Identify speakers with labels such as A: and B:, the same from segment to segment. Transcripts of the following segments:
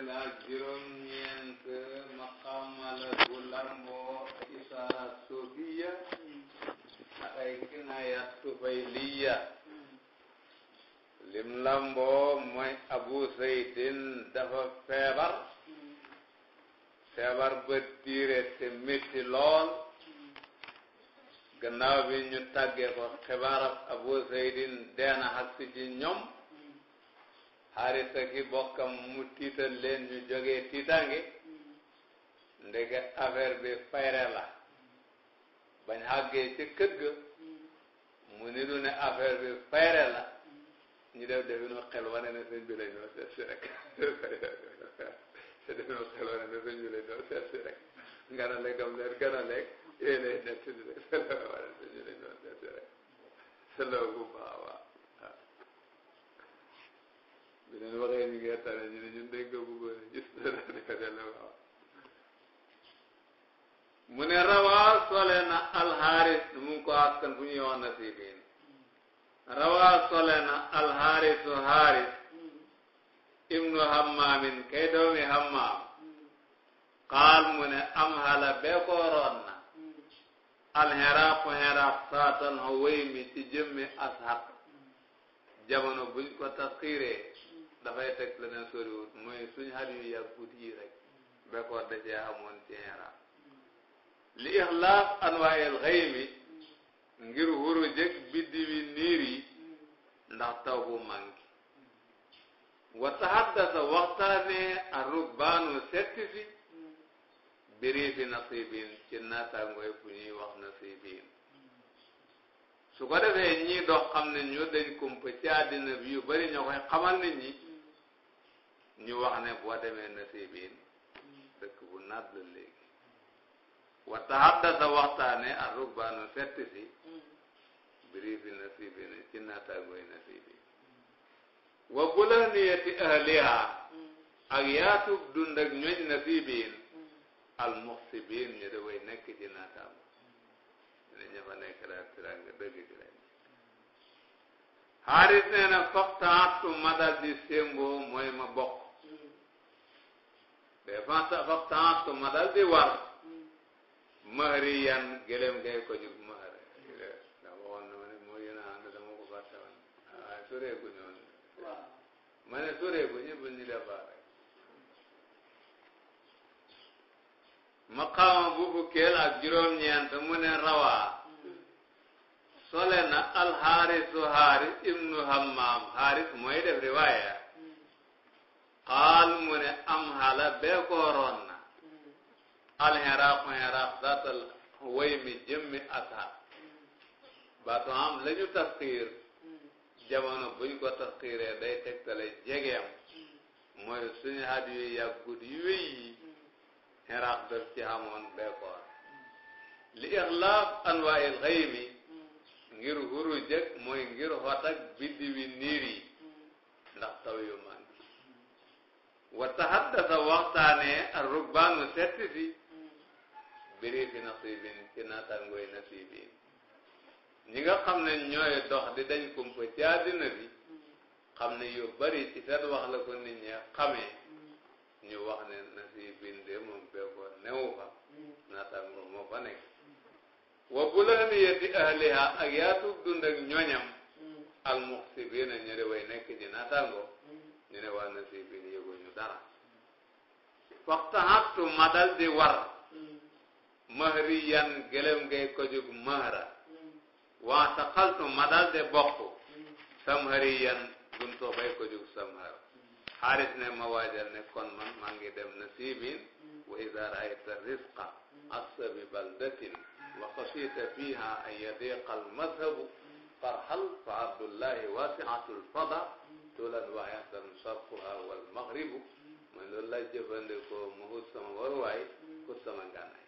A: la juróom-ñeent maqaama la bu lamboo lim lamboo mooy abu zaydin dafa feebar feebar ba tiire te métti lool gannaaw bi ñu tàggee ko xibaar abu zaydin deena xagsi ci ñoom
B: xaarisa gi bokkam mu tiital leen ñu jógee
A: tiitaange mm-hmm. ndege affaire bi fayre la bañ xàggee ci kët ga mm-hmm. mu niru ne affaire bi fayre la mm-hmm. ñu def definu xel wane ne sëñ bi la ñoo seet si rek definu xel wane ne sëñ bi la ñoo seet si rek ngana lekkam leer gana lekk yooyu lay nettali rek rek sëñ bu baax a bi leen waxee ñu tane ñu ne ñun mu ne rawaa sole na alxaaris mu ngi ko askan fu ñuy wax nasibin rawaa sole na alxaarisu xaaris ibnu hammaamin kay doomi hammaam xaal mu ne am xala bee koo roon na alxeraaqu xeraaq saatan xo wéy mi ci jëmmi asxaq jamono buñ ko tasxiiree dafay teg leneen soriwut mooy suñ xar yu yàggut yi rek bekkoor da amoon ci xeeraam li ixlaaf anwaayel xaymi ngir wuru jëkk biddiwi niir yi ndax taw bu manqué wa tahaddasa waxtaanee ar rubbaanu setti fi biri fi nasibin ci naataangooy fu ñuy wax nasibin su ko defee ñii dox xam ne ñoo dañ kumpa ci àddina bi yu bari ñoo koy xamal nit ñi ñu wax ne boo demee nasibin dëkk bu naat la léegi wa tahaddasa waxtaane ak rugbaanu sett si biri bi nasibin ci naataangoy nasibin wa bulaniyati ahliha ak yaatub dund ak ñooñ nasibin al muxsibin ñu da nekk ci naataango ne ña fa nekk daal tiranga dëgg ci lañ xaaris nee na foqtaatu ma dal di mooy ma bokk be fanta faftaat ma dal di war
B: mahri yan gëlëm
A: ngay ko jub mahar ndax waxoon na ma ne moo gën a ànd dama ko fàtte woon waaye suree gu ñoon ma ne suree gu ñu buñ ñu defaa rek maqaama bu fukkeel ak juróom-ñeent mu ne rawaa sole na alxaaris su ibnu hammam xaaris mooy def riwaaya xaal mu ne am xala bee kooroon na al xeraaqu xeraaq zaatal way mi jëmmi asar baatu am la ñu tasxiir jamono buñ ko tasxiiree day tegtale jegeem mooy suñu xat yu yàggut yu yi xeraaq daf ci amoon bee koor li ixlaaf anwaa'il xaymi ngir huru jëkk mooy ngir xot ak wi niir yi ndax taw yu wa tahaddasa waxtaanee ak rugbaanu setti biri fi nasibin ci naataangooy nasibin ñi nga xam ne ñooy dox di dañ kumpa ci àddina bi xam ne yu bari ci seen wax la ko nit ñi xamee ñu wax ne nasibin de moom bee ko newu fa naataangoo moo fa nekk
B: wa bulaaniyati ahliha ak yaatub dund ak ñoñam
A: al muxsibina ñu di way nekk ci naataangoo ñu ne waa nasibin dara waxtaxattu ma dal di war mm. mahriyan gëlëm ngay ko jug mahra mm. waa saqaltu ma dal di bokk
B: mm. samhariyan
A: guntoo bay ko jug samhara xaalis ne ma waajal ne kon man maa ngi dem nasibin wa ida raayta risqa asabi baldatin wa xasita fiha an yadiqa almadhabu farxal fa abdullahi wasiatul fada tuulan waxeetan sarfuha wal maghribu man loolu laa jëfandikoo mu hut sama waruwaay hut sama gànnaay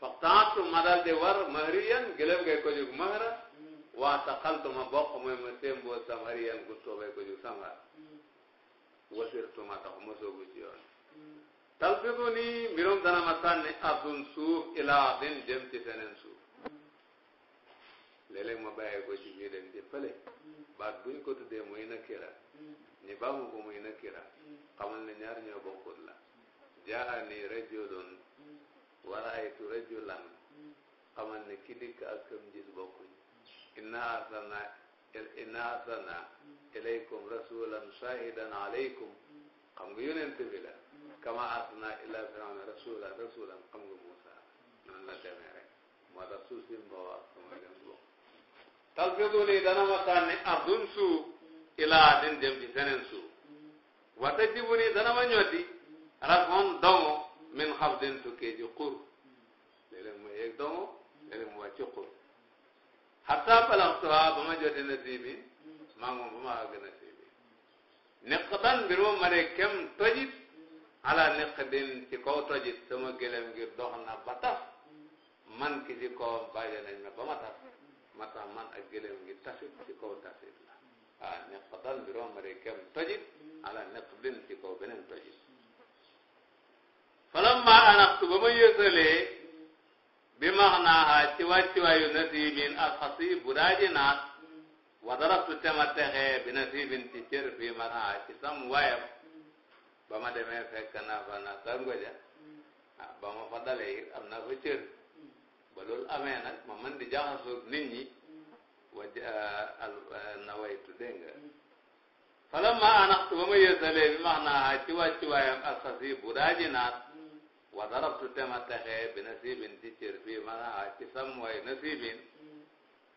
A: faxtaatu ma daal di war mahriyan gëlëm ngay ko jóg mahra waata xaltu ma bokk mooy ma sémboo samariyan gu soobee ko jóg samara wasirtu ma tax ma soobu ci yoon talfitu nii mbirum dana ma sànni abdun suuf ilaa din jëm ci feneen suuf léeg-léeg ma ko ci bii dem ci fële baat buñ ko tuddee muy nakira ñi mm. baamu ko muy nakira mm. xamal ne ñaar ñoo bokkut la jaani rajulun mm. wa rajulan xamal ne ki dikk ak kam gis bokkuñ inna arsana inna ilaykum rasulan shahidan alaykum xam nga yonent bi la kama arsana ila firawna rasulan rasulan xam nga Musa noonu la demee rek moo tax suuf si mbawa sama dem talfidu lii dana ma sànni ardun suuf ilaa din jëm ci seneen suuf wa tajibu nii dana ma ñotti rafon dongo min xabdin tukkee ci xur léeg ma yegg dongo léeg-léeg mu wàcc xur
B: xataa balaxtuha ba ma
A: jotee na siibi maa ngi ma àgg na siibi niqatan mbir moom ma ne kem ala niqdin ci kaw tojit sama gëlëm ngir dox ba tas man ki ci kaw bàyyi nañ ma ba ma tas ma tax man ak gëlëm gi ci kaw tafit la ah neqatal bi romare kem tojit ala neqblin ci kaw beneen tojit falamma anaxtu ba ma yéesalee bi max naaxaa ci wàcciwaayu nasiibin ak xasi bu daaji naat wa darabtu tema texee bi nasiibin ci cër fii maraa ci sam waayam ba ma demee fekk naa fa naa ah, ba ma fa dalee it am naa fa ba loolu ma mën di jaxasoog nit ñi waj al nawaytu falamma anaxtu ba ma yéesalee bi max naa ci wàccuwaayam ak xasi bu daaji wa darabtu tema texee bi nasibin ci cër bi maanaam ci samway nasibin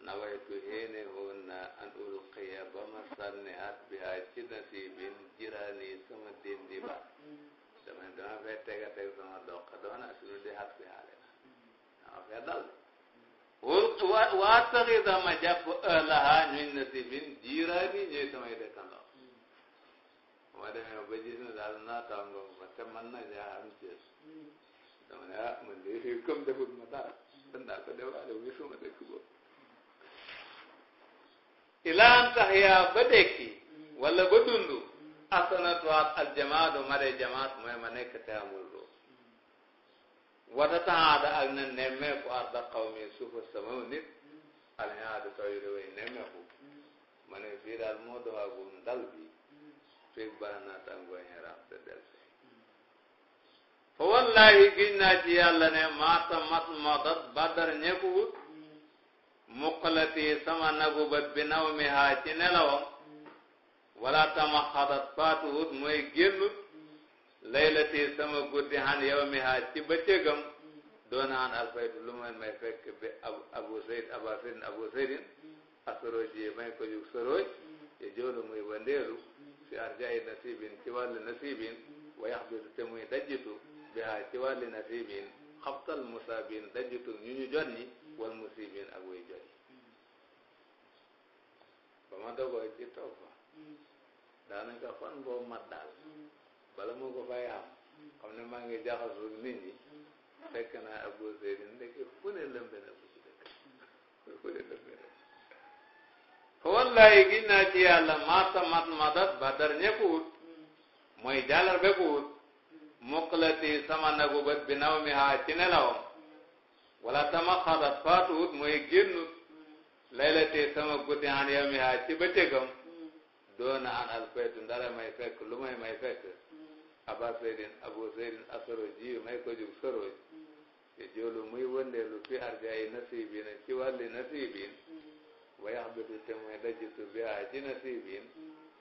A: nawaytu xéene woon an ulqiya ba ma sànni at bi ci nasibin jiraani sama dindi ba dama dama fay tega teg sama doq dama naa di at bi xaale affaire dal wa waa taxi dama jàpp ëllaha ñuñ na si min jiiraani ñooy samay dëkkandoo ma ba gis ne daal naa tàngoo ba te man na jaa am Cees dama ne ah man de fii comme deful ma dara danaa ko defaale muy sama dëkk boobu ilaan tax yaa ba dekki wala ba dundu asana tuwaat aljamaadu ma de jamaat mooy ma nekk te amul loo wata taxaada ak na nemmeeku arda xawmi suufa sama nit alñaada taw yu way nemmeeku ma ne fii daal moo doxagum dal bi fekk baax naa tàngooy xeraam te del si fa wallahi giñ naa ci ne maata mat modat badar ñekku wut sama nagu bi naw haa ci nelawam wala tama xadat faatu wut mooy génnut
B: laylati sama guddi han yawmiha ci
A: bëccëgam doon han alfaytu lu may may fekk bi abu abu sayd aba saydin abu saydin asorooj yi may ko jug sorooj ye joolu muy wandeelu fi arjaayi nasibin ci wàlli nasibin wa yaxbitu te muy dajjitu bi ha ci wàlli nasibin xabtal musaabin dajjitu ñu ñu jot ñi wal musibin ak way jot ñi ba ma dogoo ci toog fa daanaka fan boo mat daal bala moo ko fay am xam ne maa ngi jaxasu nit ñi mm. fekk naa Abu Zeyd ndeke fu ne lëmbe na ko ci dëkk fu ne lëmbe na fa wallahi gis naa ci yàlla mata mat madat ba dar ñëpp wut mm. mooy jàllar bépp wut muqlati mm. sama nagu bët bi naw mi haa ci nelawam wala tama xadat faatu wut mooy génnut laylati sama guddi an yow mi haa ci bëccëgam doona an alfaytu ndara may fekk lu may may fekk aba seydin abu seydin asoro ji may ko jug soroj te joolu muy wëndeelu fi arjaayi nasibin ci wàlli nasibin wa yaxbitu te muy dajitu biha ci nasibin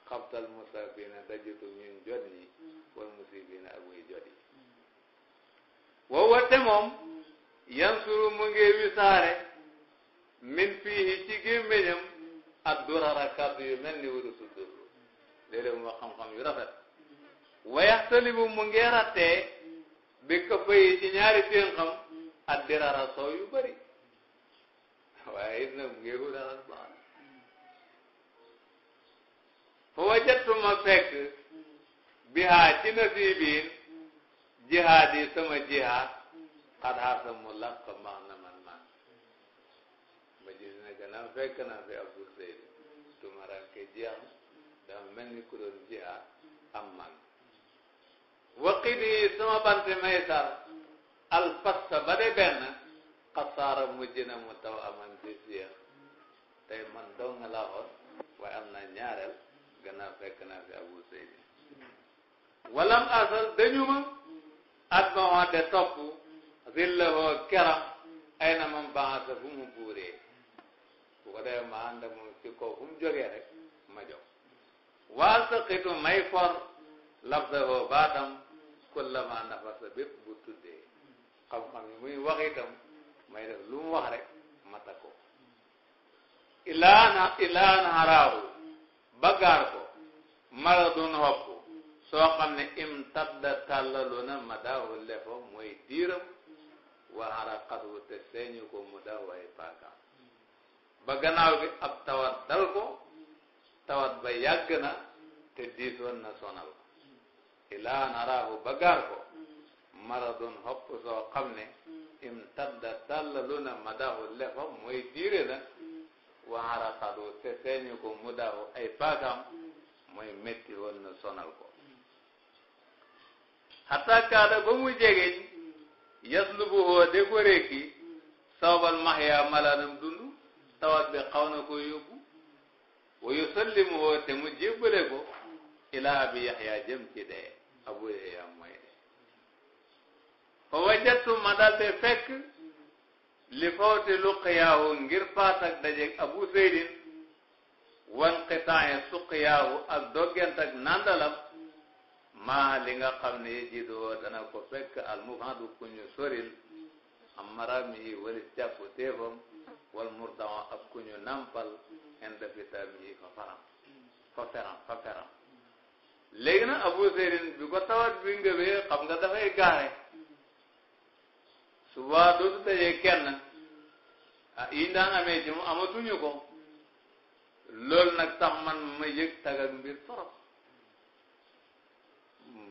A: xabtal musabina dajitu ñun jot ñi wal musibina ak muy jot yi woowa yansuru mu ngi wisaare min fiihi ci gémmiñam ak durara kàddu yu mel ni wurusu duru mu wax xam yu rafet wayaxtalibu mu ngi rattee bi ci ñaari ténxam ak dirara soow yu bëri waaye it nag dara baax fa wajattu ma fekk bihaa ci nasibiin jihaad sama jihaad xat xaasa mu làq max na man man ma gis ne gannaaw fekk naa fi Abu Zayd tumaranke jihaad dafa mel ni ku doon jihaad am waqit yi sama alfassa ba de benn xasaara mujj na mu taw aman ci siyar tey man doo nga laa am na ñaareel gannaaw fekk abu seydi walam asal dañu ma at ma wante topp keram ay man baasa fu mu buuree bu ko ma ànd moom ci kaw fu mu ma jóg waa saqitu may for lafdahoo baatam kullama nafasa bépp bu tuddee xam yi muy wax itam may def lu mu wax rek mata ko
B: ilaana ilaana haraahu
A: bagaar ko maradun hopp soo xam ne im tadda tàllalu na madaahu mooy diiram wa haraqatu te seeñu ko mu daaw ay paaka ba gannaaw gi ab tawat dal ko ba yàgg te diisoon na sonal ilaa naraahu ba gaar ko mm. maradun xopp soo xam ne mm. im tadda tàllalu na madahu lefam mooy diire na mm. waaraqadu te seeñu ko mudahu ay paakam mooy métti woon na sonal ko xataa kaada ba mu jegeñ yaslubuhoo de ko rékki sawbal maxyaa malaanam dund tawat bi xaw na ko yóbbu wa yusallimuhoo te mu jébbale ko ilaa abi yaxya jëm ci abu yaayam mooy de fa wajatu ma te fekk li fawti luqiyaahu ngir faat ak abu zeydin wan qitaaye suqiyaahu ak doggent ak nandalam maa li nga xam ne yejidoo dana ko fekk al mufadu ku ñu soril am maram walis jàpp téefam wal murdan ak ku ñu nampal inda fitam fa faram fa feram léegi nag Abu Zerin bi ko tawat bi ngëbee xam nga dafay gaare suba dootu tëjee kenn ah yi daan amee ci mu amatuñu ko loolu nag tax man ma yëg tag ak mbir torop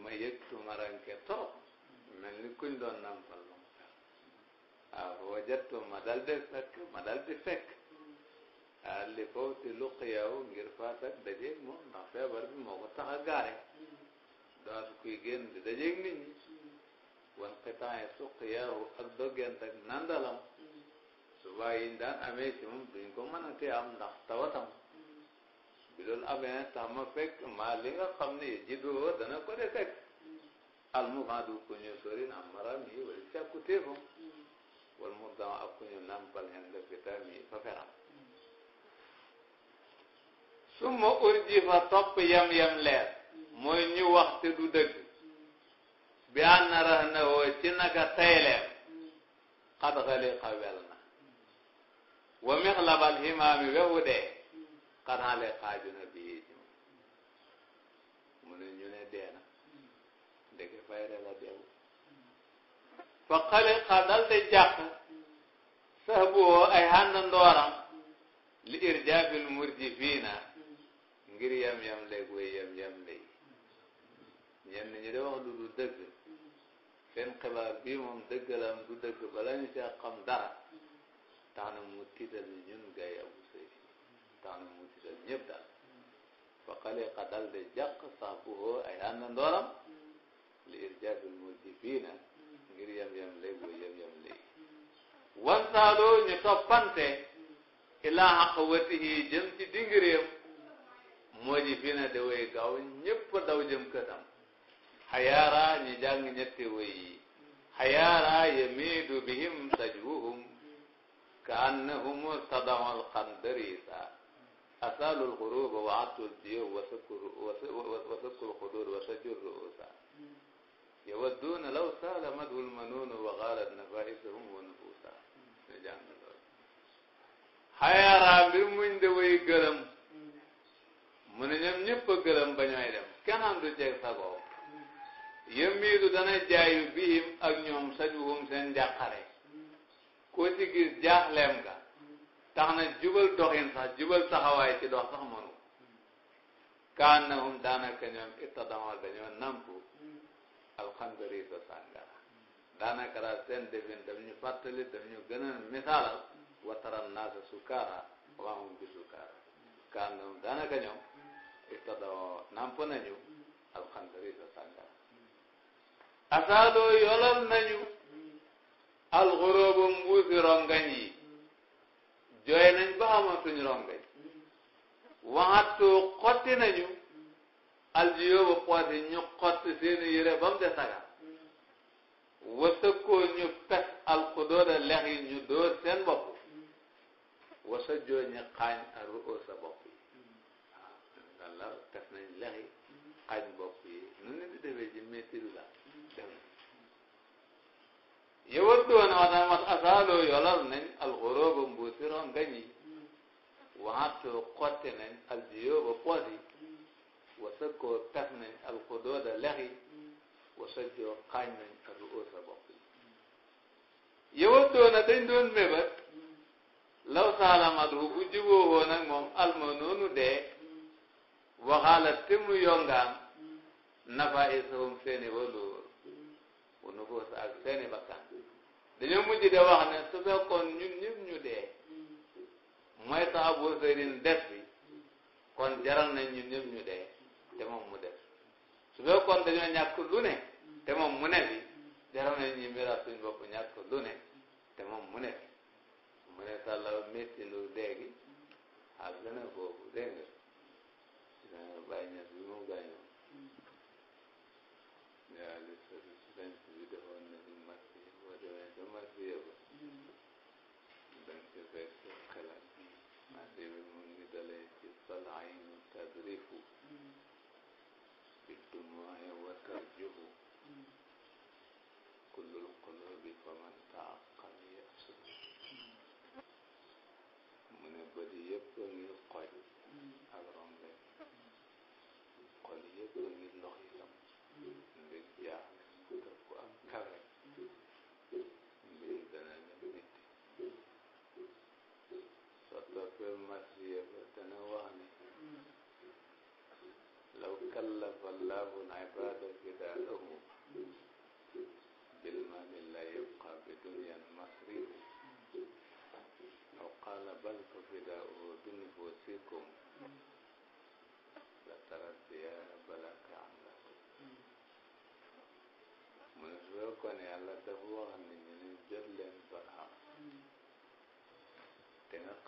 A: ma yëg tumaranke torop mel ni kuñ doon nampal ba ah mu waaw wajattu ma dal di fekk ma dal di fekk li fawti luqyaahu ngir faat ak dajeeg moom ndax feebar bi moo ko tax a gaare daal kuy génn di dajeeg nit ñi wan xitaan yi suqyaahu ak doggent ak nandalam subaa yiñ daan amee duñ ko mën a te am ndax tawatam bi loolu amee tax ma fekk maa li nga xam ne ji doo ko de fekk al mu maa du ko ñu sori na maram yi wala càkku téefam wala mu dama ak ku ñu nampal hen la fitaam yi fa feram summa urji fa topp yam yam leer mooy ñu wax te du dëgg bi an na rax na woo ci naka tayleem xad xaliqa wel na
B: wa mix labal ximaami wewu dee
A: xad xale xaaju na bii ci mu ne ñu ne dee na ndeke fayre la deewu fa xaliqa dal de jàq sax bu woo ay xànd ndooram li irjaabil murji fii na yam yam leeg way yam yam lay ñenn ñi de wax lu du dëgg seen xibaar bii moom dëgg la am du dëgg bala ñu caa xam dara tax na mu tiital ñu ñun gay abu sëy tax na mu tiital ñëpp daal fa xaliqa dal de jàq sax bu hoo ay ànd ndooram li irjaabil murjifiina ngir yam yam leeg way yam yam lay wansaaloo ñu toppante ilaa xaqawatihi jëm ci dingireem moo ji fi na de way gaaw ñépp daw jëm këram xayaara ñi jàng ñetti way yi xayaara yamiidu bihim sajwuhum ka annahum sadamal qandarisa asalu lxuruba wa attul jiyub wa sakku lxudur wa sajju ruusa yawadduuna law saala madhu lmanuunu wa gaalat nafaisuhum wa nufusa ñu jàng loolu xayaara mbir muñ de way gërëm mu ne ñoom ñëpp gëlëm ba dem kenn du jeg sa bopp yëmmiidu dana jaayu biim ak ñoom sajuhum seen njàqare koo ci gis jaaxleem nga tax na jubal doxin sax jubal taxawaay ci dox sax mënu kaannahum daanaka ñoom ittadama dañoo nampu alxandari sa sàngara daanaka daal seen defin daf ñu fàttali daf ñu gën a misaalal naasa sukaara wa hum bi sukaara kaannahum daanaka ñoom istadoo namp nañu alxandarisa sàngara asaadoo yolal nañu
B: alxuróoba
A: mbuusi rongañ yi jooy nañ ba xamatuñ rongañ waxatoo xotti nañu aljiyóoba xooti ñu xotti seeni yére ba mu de sagar wasakoo ñu pes alxudóoda lex yi ñu dóor seen bopp wasa joo ñu xaañ aru sa du woon wata wat asaaloo yolal nañ alxurooba mbuusi rongañ yi waxaaturu xotti nañ aljiyooba poos yi wasakkoo tas nañ alxudooda lex yi wasajjoo xaañ nañ ak óosa bopp yi yowat doona dañ doon mébat law saalamat hu bu juboo woon ak moom alma noonu dee waxaala te mu yongaan nafa isahum seeni waloor wunu ko sa ak seeni bakkan dañoo mujj de wax ne su fekkoon ñun ñëpp ñu dee mooy tax Abu Zaydin def bi kon jaral nañ ñun ñëpp ñu de te moom mu def su fekkoon dañoo ñàkk lu ne te moom mu ne bi jaral nañ ñu miraas suñ bopp ñàkk lu ne te moom mu ne bi mu ne sàlla métti lu dee gi ak gën a boobu dégg nga bàyyi ñes bi biir dana wax ne mm. law kallafa llahu l-ibaada fidaa'ahum bilmaali la yabqa bi dunyan masrifu aw qaala bal fa fidaa'uhu bi nufusikum la taraddiyaa balaka amla mm. mu ne su fekkoon ne yàlla dafa wax ne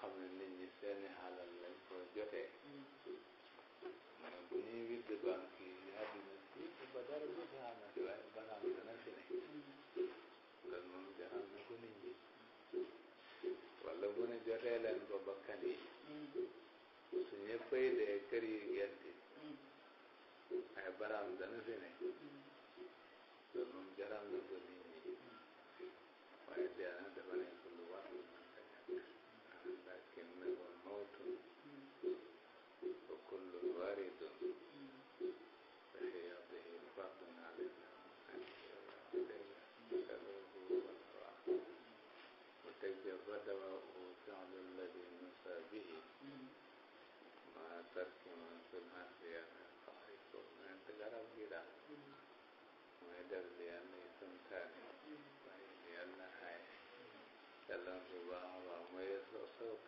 A: xam ne nit ñi seeni xalal lañ ko jotee man bu ñuy wirde banque yi ñu àddina si ba dara du fi amati waaye banaam dana fi ne loolu moom jaxal na ko ñi wala bu ne jotee leen ko bakkan yi
B: su ñëppay dee
A: genti ay banaam dana fi ne loolu moom jaxal na ko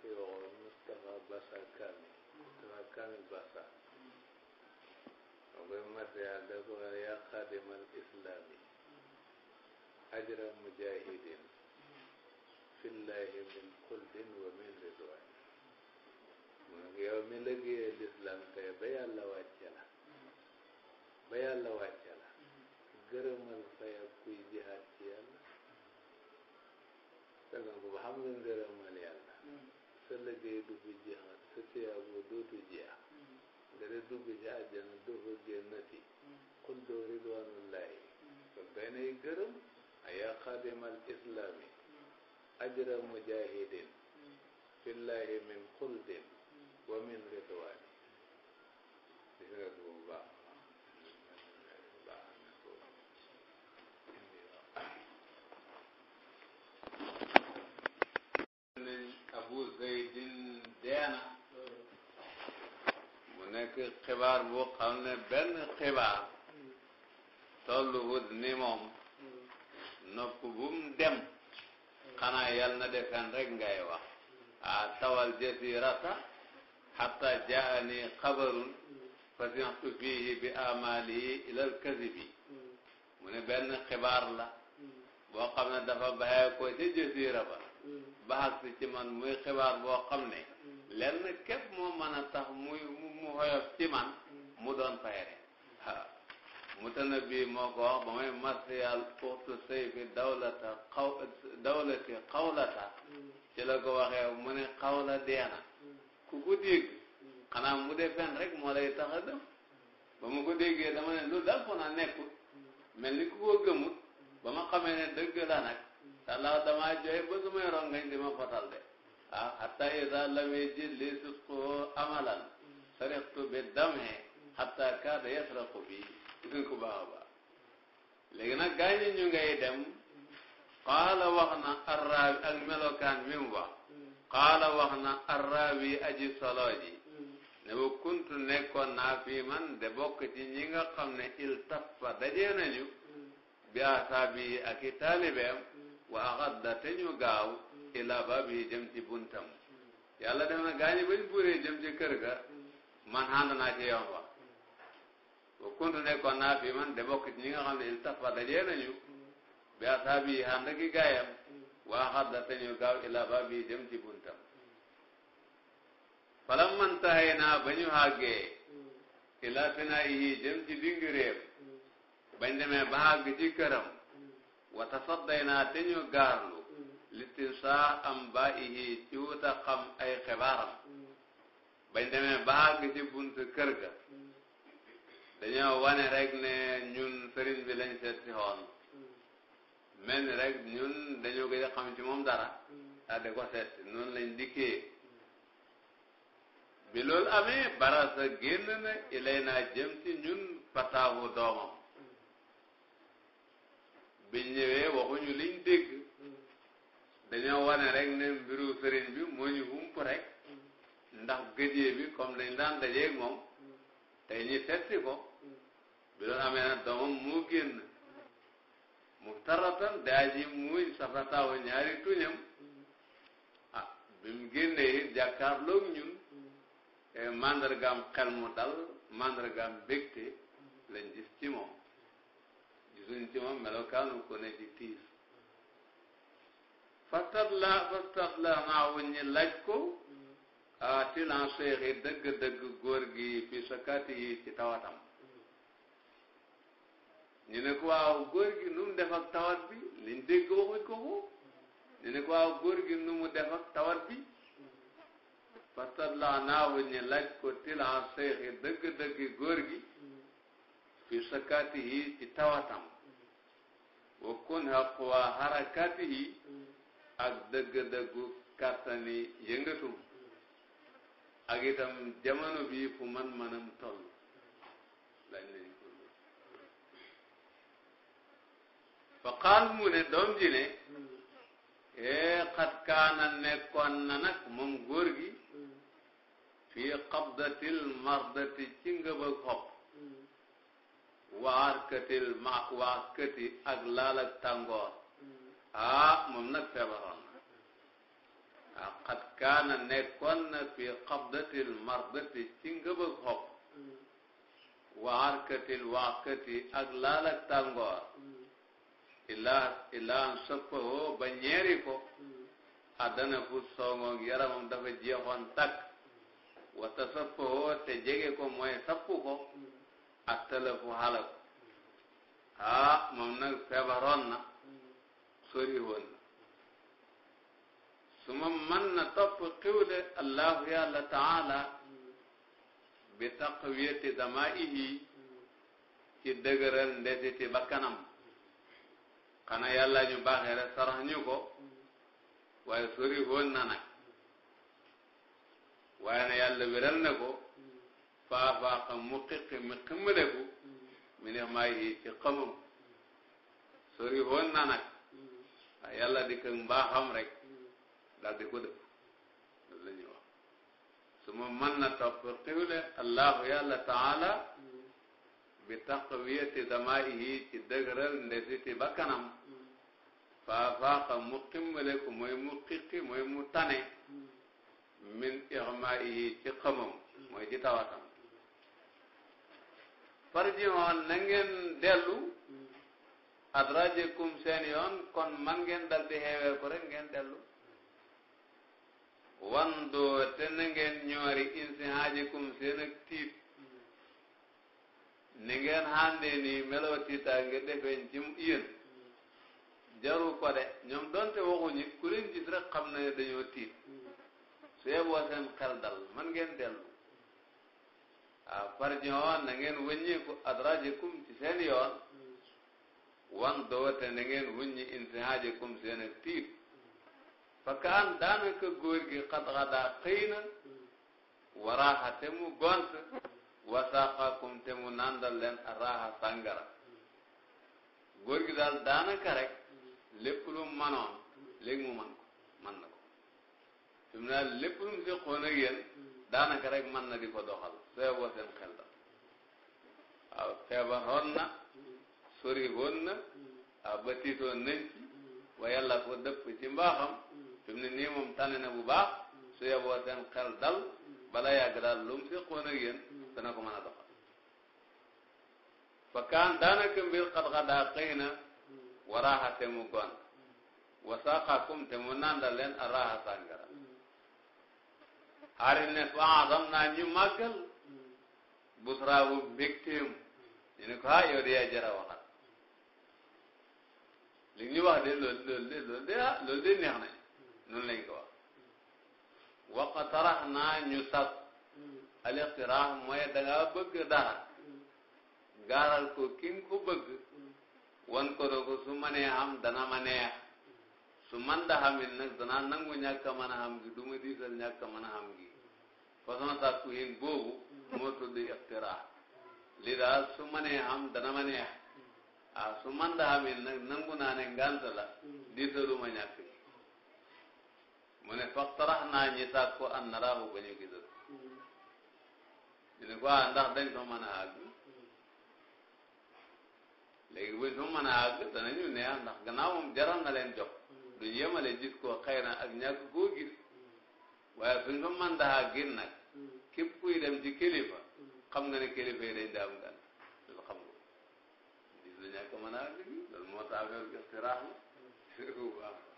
A: fi waxoon Moustapha Bassa Kamil Moustapha Kamil Bassa akoy marsial da ko xane yaa xaadimal islami ajra mujahidin fillahi min xuldin wa min ridwan
B: mu ne ko yow mi liggéeyee
A: l'islam tey ba yàlla wàcce la
B: ba yàlla wàcce
A: la gërëmal faya kuy
B: jihaad ci yàlla
A: te nga ko ba xam nga gërëmal yàlla sa liggéey du fi jeexal tiyaabu dootu jeex mm-hmm. nga de dugg ci àjjana doo fa génnati xul mm-hmm. doo ridwanullahi ba mm-hmm. benn yi gërëm ayaa xadimal islami ajra mujahidin fillahi min xuldin wa min ridwani abu zeydin deena mu nekk xibaar bu xam ne benn xibaar tollu wut ni moom nopp bu mu dem xanaa yal na defen rek ngay wax a tawal jasirata hatta jaani xabarun fasiyantu fiihi bi amalihi ilal kasibi mu ne benn xibaar la boo xam ne dafa baxee ko ca jasira ba ba àgg si ci man muy xibaar boo xam ne lenn képp moo mën a tax muy mu xoyof ci man mu doon fayre waaw mutanabi moo ko wax ba may marsiyal uxtu sayfi dawlata xaw dawlati xawlata ci la ko waxee mu ne xawla deena ku ko dégg xanaa mu dee fen rek moo lay tax a def ba mu ko déggee dama ne lu dal ko naa nekkul mel ni ku ko gëmut ba ma xamee ne dëgg la nag talaw damaa joxe ba may rongañ di ma fotal de ah hatta isa lam yajid li sidquhu amalan sarixtu bi damhe hatta kaada yasraqu bi gën ko baax baax léegi nag gaañu ñu ngay dem qaala wax na arraawi ak melokaan mi mu wax qaala wax na arraawi aji solo ji ne bu kuntu nekkoon naa fii man de bokk ci ñi nga xam ne il taffa dajee nañu bi asaabi ak i taalibeem wa axadda te ñu gaaw ilaa baabi jëm ci buntam yàlla def na gaañi bañ yi jëm ci kër ga man ànd naa ci yoon wa bu kuntu nekkoon naa fi man de bokk ci ñi nga xam ne iltafa dajee nañu bi asaabi yi ànd ki gaayam wa axadda te ñu gaaw ilaa baabi jëm ci buntam falam man taxay naa ba ñu àggee ilaa finaa yi jëm ci dingiréem bañ demee ba àgg ci këram wata saddaynaa te ñu gaarlu listinsaa am ba ihi ci wut a xam ay xibaaram bañ demee ba àgg ci bunt kër ga dañoo wane rek ne ñun sëriñ bi lañ seet si xoon mel ni rek ñun dañoo gëj a xam ci moom dara daal di ko seet noonu lañ dikkee bi loolu amee barasa génn na ilay naa jëm ci ñun pataawu doomam biñ ñëwee waxuñu liñ dégg dañoo wane rek ne mbiru sëriñ bi moo ñu hump rek ndax gëjee bi comme dañ daan dajeeg moom tey ñi setti ko bi doon amee nag doomam moo génn mu taratan daa ji muy safataawu ñaari tuñam ah bi mu génnee it jàkkaarloog ñun eh, mandargaam xel mu dal mandargaam bégte lañ gis ci gisuñ ci moom melokaanu ko ne ci tiis fastatla fastatla maa wuññi laaj ko mm-hmm. atilan ah, seexi dëgg-dëgg góor gi fi sakati yi ci tawatam mm-hmm. ñu ne ko waaw góor gi nu mu def ak tawat bi liñ dégg waxuñ ko ko mm-hmm. ñu ne ko waaw góor gi nu mu def ak tawat bi fastatla naa wuññi laaj ko tilan seexi dëgg-dëgg góor gi fi sakati yi ci tawatam wa kun haqwa harakatihi ak dëgg-dëggu kàttani yëngatum ak itam jamono bi fu man-manam toll fa qaal mu ne doom ji ne ee xat kaana nekkoon na nag moom góor gi fii qabdatil mardati ci ngëbëg xob waarkatil ma waarkati ak laal ak tàngoor mm. ah moom nag feebaroon na ah xat kaana nekkoon na fi xabdatil mardati ci ngëbëg xob mm. waarkatil waarkati ak laal ak tàngoor mm. ilaa ilaan soppahoo ba ñeeri ko àddana fu songoog yaramam dafa jeexoon takk wata soppahoo te jege ko mooy sappu attalafu halaku ah moom nag feebaroon na sori woon na su ma mën na topp xiwle allahu yàlla taala bi taqwiyati damaihi ci dëgëral ndetiti ba kanam kana yàlla ñu baaxee rek sarax ñu ko waaye sori na nag na yàlla wéral na ko faafaaxa mu xiqi mi ximmaleku mi ne may yi ci xamam sori woon na nag waaye yàlla di ko mbaaxam rek daal di ko def loolu la ñuy wax su ma mën na topp xiwle allahu yàlla taala bi taqwiyati damaayihi ci dëgëral ndesiti ba kanam faafaaxa mu ximmaleku mooy mu xiqi mooy mu tane min ixmaayihi ci xamam mooy ci tawatam farji'un na ngeen dellu adrajakum seen yoon kon man ngeen dal di ko rek ngeen dellu wandoo te na ngeen ñoori insihaajikum seen ak tiit ni ngeen xàndee nii meloo tiitaa nga defeen ci yéen jaru ko de ñoom donte waxuñu ku leen gis rek xam na ne dañoo tiit su yeboo seen xel dal man ngeen dellu farjon na ngeen wëññiku adrajakum ci seen yoon wan doote na ngeen wëññi intihajakum seen ak tiit fakaan daanaka góor gi xad-xadaa xëy na waraaxa te mu gont wasaaqakum te mu nàndal leen araaxa sàngara
B: góor gi daal daanaka rek
A: lépp manoon léegi mu man ko man na ko fi mu ne lépp lu mu seqoon daanaka rek mën na di ko doxal soo boo seen xel la waaw feebaroon na sori woon wa yàlla ko dëpp ci mbaaxam fi mu ne nii bu baax su yeboo seen dal bala yàgg daal lu mu seqoon ak ko mën doxal fa kaan daanaka mbir xat-xadaa xëy na waraaxa mu gone wasaaxa kum te mu nandal leen a raaxa sàngara xaarit ne ko azam naa ñu màggal busra bu mbégteem ñu ko ah yow de yaa jara waxat li ñu wax de loolu de loolu ah, de neex nañ noonu lañ ko wax waqa tarax naa ñu sas al ixtiraax mooy da ngaa bëgg dara gaaral ko ki nga ko bëgg wan ko ne ko su ma nee dana ma su man da xamit nag danaa nangu ñàkk a mën gi du diisal ñàkk a mën gi façon sàkku hin boobu moo tudd iqtiraa li daal su ma nee xam dana ma neex ah su man da xam it nangu naa ne ngànt la di taluma ñàkk gi
B: mu ne faxtarax naa ñi
A: sàkku an naraahu ba ñu gisal ñu ne ko ah ndax dañ fa mën a àgg léegi buñ fa mën a àgg danañu neex ndax gannaaw moom jaral na leen jox du yemale gis ko xëy na ak ñàkk koo waaye buñ fa mën daxaa génn nag hmm. képp kuy dem kilifa hmm. xam nga ne kilifa yi dañ daam gan loolu xam nga gis la ñàkk mën a loolu moo tax affaire bi istiraax hmm. la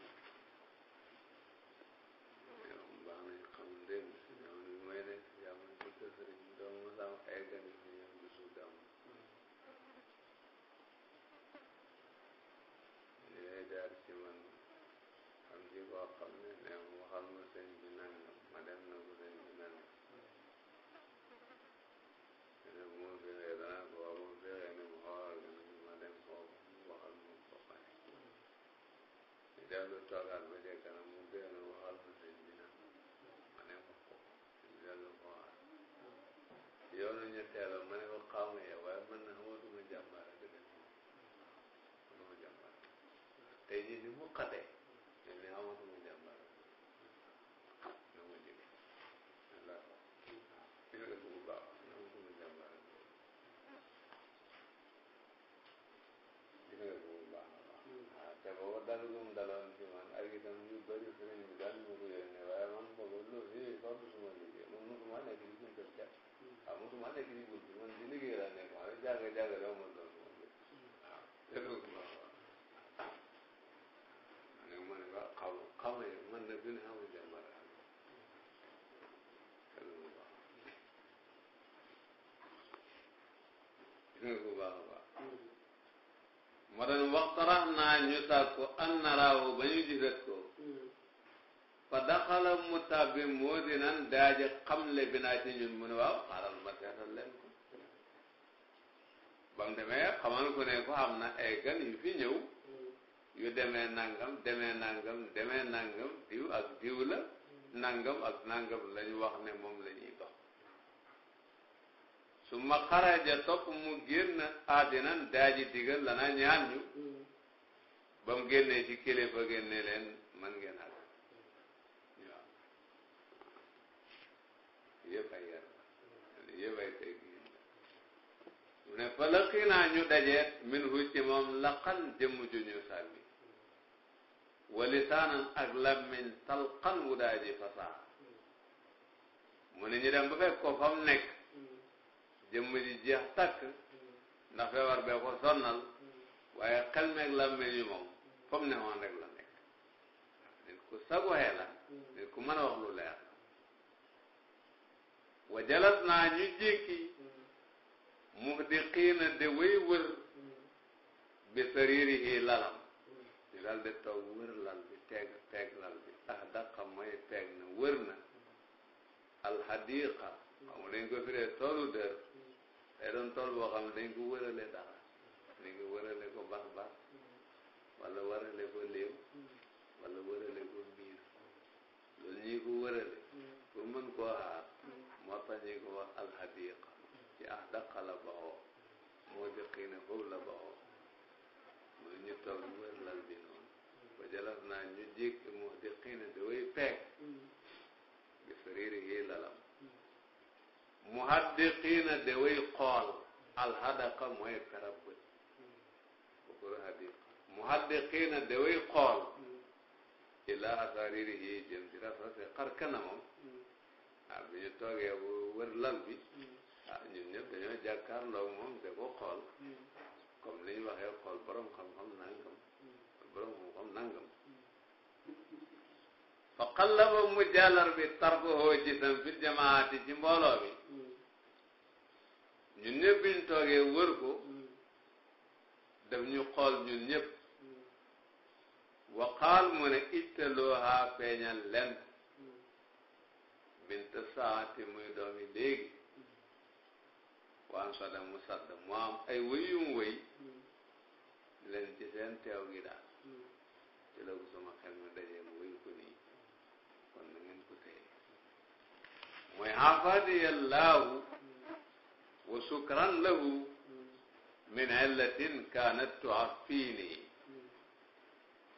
A: toogaat ba jëkk na mu dellu waxal ma sëñ bi na ma ne ko ko mu dellu ko waxal yoonu ñetteel ma ne ko xaamu yee waaye man na xamatuma jàmbaar ak dem xamatuma jàmbaar tey jii ni mu xatee mel ni xamatuma ma
B: jóge la jóge
A: te booba dalu gum daloon mosuma nekk ci bunt man ci liggéey laa nekk waaye jàng jàng rek ma doon moom de
B: waaw te loolu ma
A: ne ma ne waaw xaw ma xaw ma man nag du ne xamul jàmbar ko baax a baax moo tax waxtara naa ñu sàkku an naraawu ba ñu gisat ko fa daxala mu tàbbi moo di naan daaji xamle bi naa ci ñun mu ne waaw xaaral ma seetal leen ko ba demee xamal ko ne ko am na ay gan yu fi ñëw yu demee nangam demee nangam diw ak diw la nangam ak nangam lañu wax ne moom la dox su ma xaraja topp mu génn àddinan daaji digal lana ñaan ñu
B: ba génnee ci kilifa génne leen
A: man ngeen yëpp ay yar la yëpp ay teggin la mu ne fa lëqi naa ñu dajee min hu ci moom laqal jëmm ju ñu sànni
B: wa lisaanan
A: ak lammiñ talqan wu daa ji fasaa mu ne ñu dem ba fekk ko fa mu nekk jëmm ji jeex takk ndax feebar bee ko sonnal waaye xel meeg yi moom fa mu ne woon la nekk nit ku sagoxee la nit ku mën a wax lu leer wa jalas naa ñu jékki muhdiqiina de way wër bi saririhi lalam ñu dal di toog wër lal bi teeg teeg lal bi ah daqa mooy teeg na wër na alxadiqa xamu dañ ko firee toolu dër day doon tool boo xam ne dañ ko wërale dara dañ ko wërale ko bax bax wala wërale ko léew wala wërale ko biir loolu ñuy ko wërale pour mën koo moo tax ñu ko wax alxadiqa ci ahdaqa la baxoo moo jëqi ne foofu la baxoo mu ñu toog ñu wër lal bi ñu jik moo jëqi ne da way peeg bi sariiri yi lalam mu haddiqiina da way xool alxadaqa mooy perab bët hadiqa mu haddiqiina da way ilaa asariiri yi jëm ci rafet xar kanamam ah bi ñu toogee wër lal bi ah ñun ñëpp dañoo jàkkaarloo moom de ko xool comme li ñu waxee xool borom xam-xam nangam borom xam-xam nangam fa xallaba mu jàllar bi tarkohoo gisam bil jamaati ci mbooloo bi ñun ñëpp bi ñu toogee wër ko daf ñu xool ñun ñëpp waxaal mu ne ittaloohaa feeñal leen bint saati muy doomi léegi waan sada mu sadd mu am ay wëyum wëy hmm. leen ci seen teew gi daal hmm. ci la ko sama xel mi dajee mu wëy ko nii kon na ngeen ko téye
B: mooy afadiyallaahu hmm.
A: wa sukran lahu min illatin kaanat tuaffiini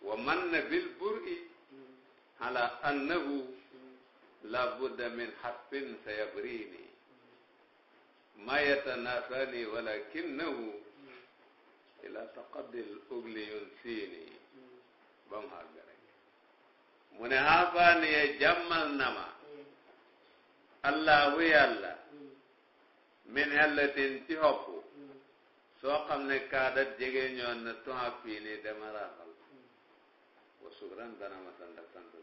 A: wa man na bil buri ala annahu la budda min xatfin sayabrini ma yatanasani walakinahu ila taqaddil ugli yunsini ba mu xàgg rek
B: mu ne xaafaani ye jàmmal na ma allahu yàlla min hellatin
A: ci xopp soo xam ne kaadat jege ñoon na tuxafiini dama raafal wa sukran dana ma sant sant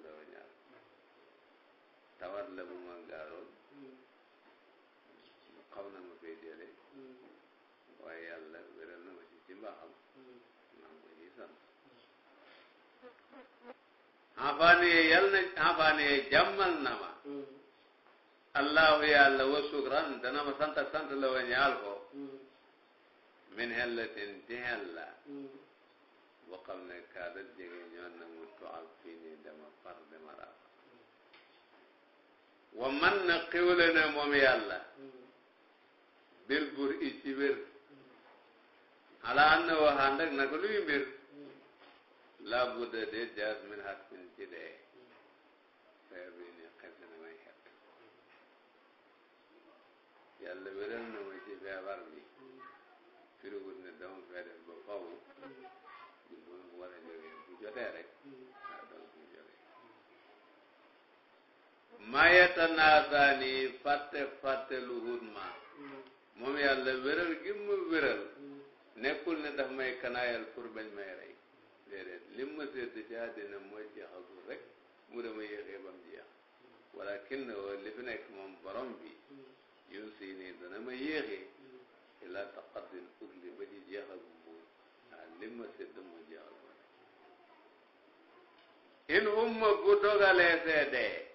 A: tawar la bu ma gaaroon hmm. xaw na ma koy jële hmm. waaye yàlla wéral na ma ci ci mbaaxam hmm. maa ngi koy sant
B: xabaane yal na
A: xabaane jàmmal na ma allahu yàlla wa sukran dana ma sant ak sant la wa ñaal ko min xellatin ci xella boo xam ne kaadat jege ñoon na mu tual fii nii dama
B: wa man na xéwle na moom yàlla mm.
A: bil bur i ci wér mm. ala an na waxaan rek naka luy mbir
B: mm. laa budda de
A: jaas min xattin ci dee fay bi ne xet na may xet yàlla wéral na ma ci feebar bi firigut ne dama fee def ba faw bu mu war a jógee bu jotee rek mayeta naataani fàtte fàtte lu ma
B: moom yàlla wéral gi ma wéral
A: nekkul ne daf may kanaayal pour bañ may rey déedéet lim ma sédd ci àddina mooy jeexagul rek mu dama yéexee ba mu jeex walakin woo li fi nekk moom borom bi yun si dana ma yéexee ila taqaddin urli ba ci jeexagul buur waa ma sédd moo jeexagul rek in umma bu dogalee seedee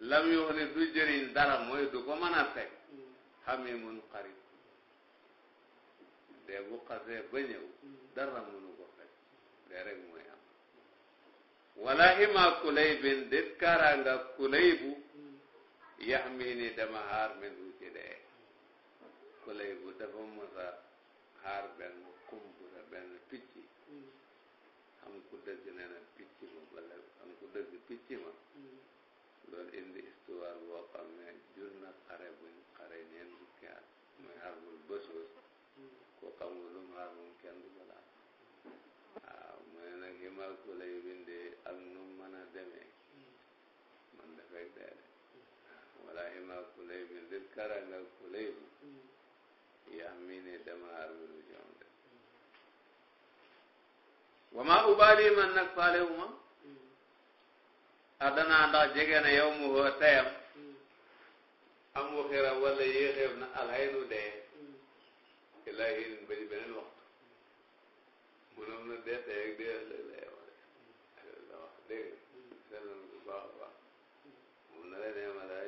A: lam yoo ne du jëriñ dara mooy du ko mën a fekk mm. xam yi mun bu xasee ba mm. dara mënu ko fekk dee rek mooy am wala ima kulay bin dit kaaraanga kulay bu mm. yax dama xaar min ci dee kulay bu dafa mos a xaar benn kumbura benn picc ku dëgg nee na picc ma bala am ku dëgg picc ma loolu indi histoire boo xam ne jur na xare buñ xare ñeent fukki at muy xarbul bësoos hmm. ku xamul lu mu xar moom kenn du ko laal waaw mu ne nag yi ma ko lay mën a demee hmm. man dafay dee wala yi ma ko lay bindee kara nga ko lay bu hmm. yaa mii ne dama xarbul bu jom de ma ubaali man nag faale ndax danaa ndax jege na yow mu hoo tayam am mu xira walla yéexeef na alxaynu dee ilaahi ba ci beneen waxtu munoon na dee tey ak dee ëllëg la yow la wax dégg nga bu baax a baax moom na la nee ma daal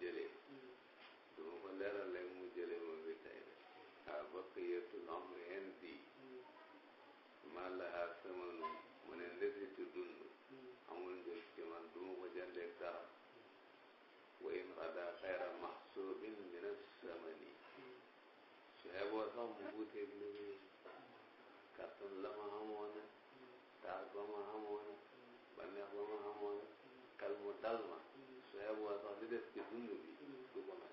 A: jëlee mm. du ma ko leeral rek mu jëlee moom bi tey rek mm. kaa baqiyatul umri indi ma mm. laha samanu mu ne ndesitu dund amul njël ci man du ma ko jëndee dara wa in xada xayra maxsuubin min assamani su xeboo sax mu wuuteeg li muy la ma xamoon taar ba ma xamoon ba neex ba ma xamoon xel mu dal ma su yeboo sax li des ci dund bi du ko ne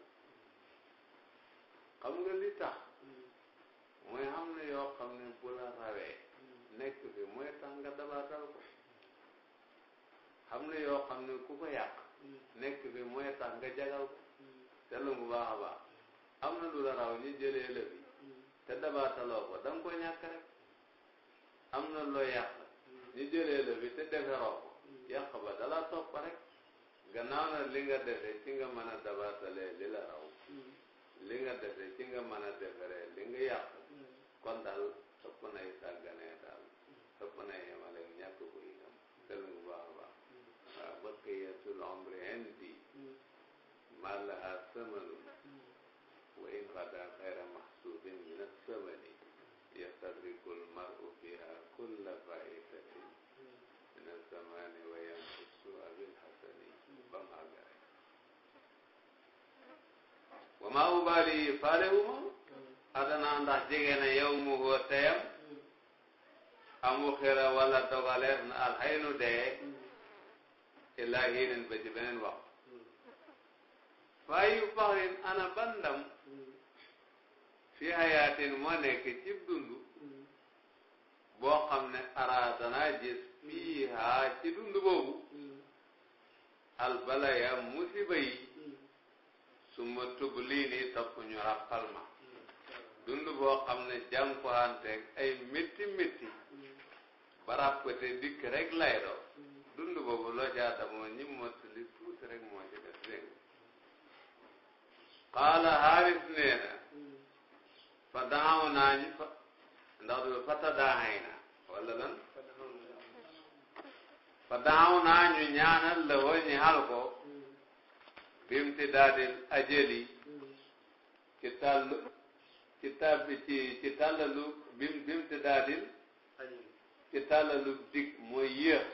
A: yoo xam ne bu la nekk fi mooy tax nga dabaatal ko xam ne yoo xam ne ku ko nekk fi mooy tax jagal ko seetlu bu baax a baax am na lu la raw ñu jëlee te dabaataloo ko da nga ko ñàkk rek am na loo yàq ñu te deferoo ko yàq hmm. hmm. e e ba dala topp rek gannaaw na li nga defee ci nga mën a dabaatalee li la raw li nga defee ci nga mën a defaree li nga yàq kon daal ëpp nay sàgganee daal ëpp nay yemale ñàkk ko itam tel bu baax a baax waaw baqiyatul umri indi ma laha samanun wa in xada xayra maxsuubin min assamani yastadrikul maru fiha kulla faid
B: wa maa ubaali faale wu ma adanaa ndax jege
A: na mu woo teyam amu xira wala dogaleef na alxaynu illaa hiinin ba ci beneen wax waaye yu baxrin ana bandam fi hayaatin moo nekk ci dund boo xam ne aradanaa gis ci dund boobu albala ya musiba yi suma tub lii nii topp ñu ràppal ma dund boo xam ne jànkuwanteeg ay métti métti ba ràppate dikk rek lay doo dund jaata moo ñi mottali tuuti rek moo ci def dégg
B: xaala xaalis nee na
A: fa daaw naa ñu fa ndax du fata daaxay na wala ñu ñaanal la ñu xal ko bimtidaadil ajali ci tàll ci tàbbi ci ci tàllalu bim bimtidaadil ci tàllalu dig mooy yéex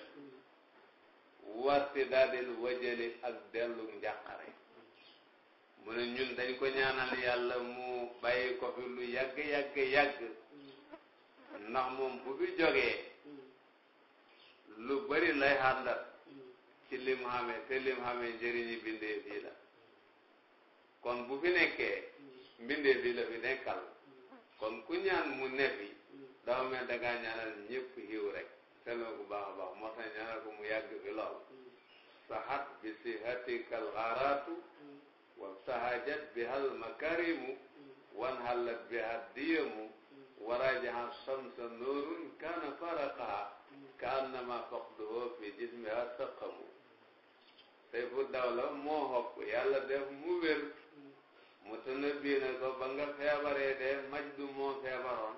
A: wartidaadil wajali ak dellu njàqare mu ne ñun dañ ko ñaanal yàlla mu bàyyi ko fi lu yàgg yàgg yàgg ndax moom bu fi jógee lu bari lay àndal ci lim xame te lim xame njëriñi bindee kon bu fi nekkee mbindee fii la fi kon ku ñaan mu ne fi dafa mel da ngaa ñaanal ñëpp xiw rek setloo bu baax a baax moo tax ñaanal ko mu yàgg fi lool saxat bi sihatika alxaaraatu wabtahajat biha almakarimu wan hallat biha diyamu warajaha samsa nuurun kaana faraqaha ka annama faqduhu fi jismiha saqamu tey bu daw la moo xopp yàlla def mu wér mu tënna bii na ko ba feebaree de maj du moo feebaroon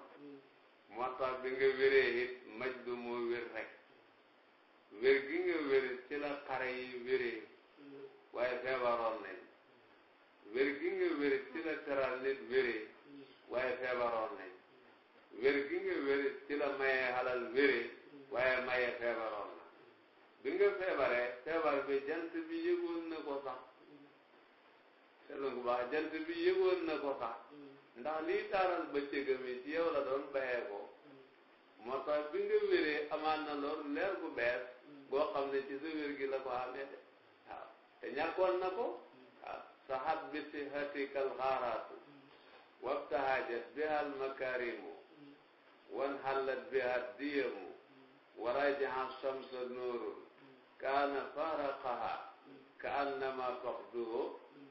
A: moo tax bi nga wéree it maj du moo rek wér gi nga wér ci la xare yi wéree feebaroon nañ wér gi nga wér ci la teral nit wéree waaye feebaroon nañ wér gi nga wér ci la mayee xalal wéree waaye mayee feebaroon bi nga feebaree feebar bi jant bi yëgoon na ko sax seetlu bu baax jant bi yëgoon na ko sax ndax lii taaral bëccëgam yi ci yow la doon bayee ko moo tax bi nga wéree na loolu leer bu bees boo xam ne ci sa wér gi la ko amee de waaw te ñàkkoon na ko waaw saxat bi si hatikal xaaraatu wabtahaajat biha al makaarimu wan xallat biha diyamu warajaha samsa nuurun kaana faaraqaha ka annama faqduhu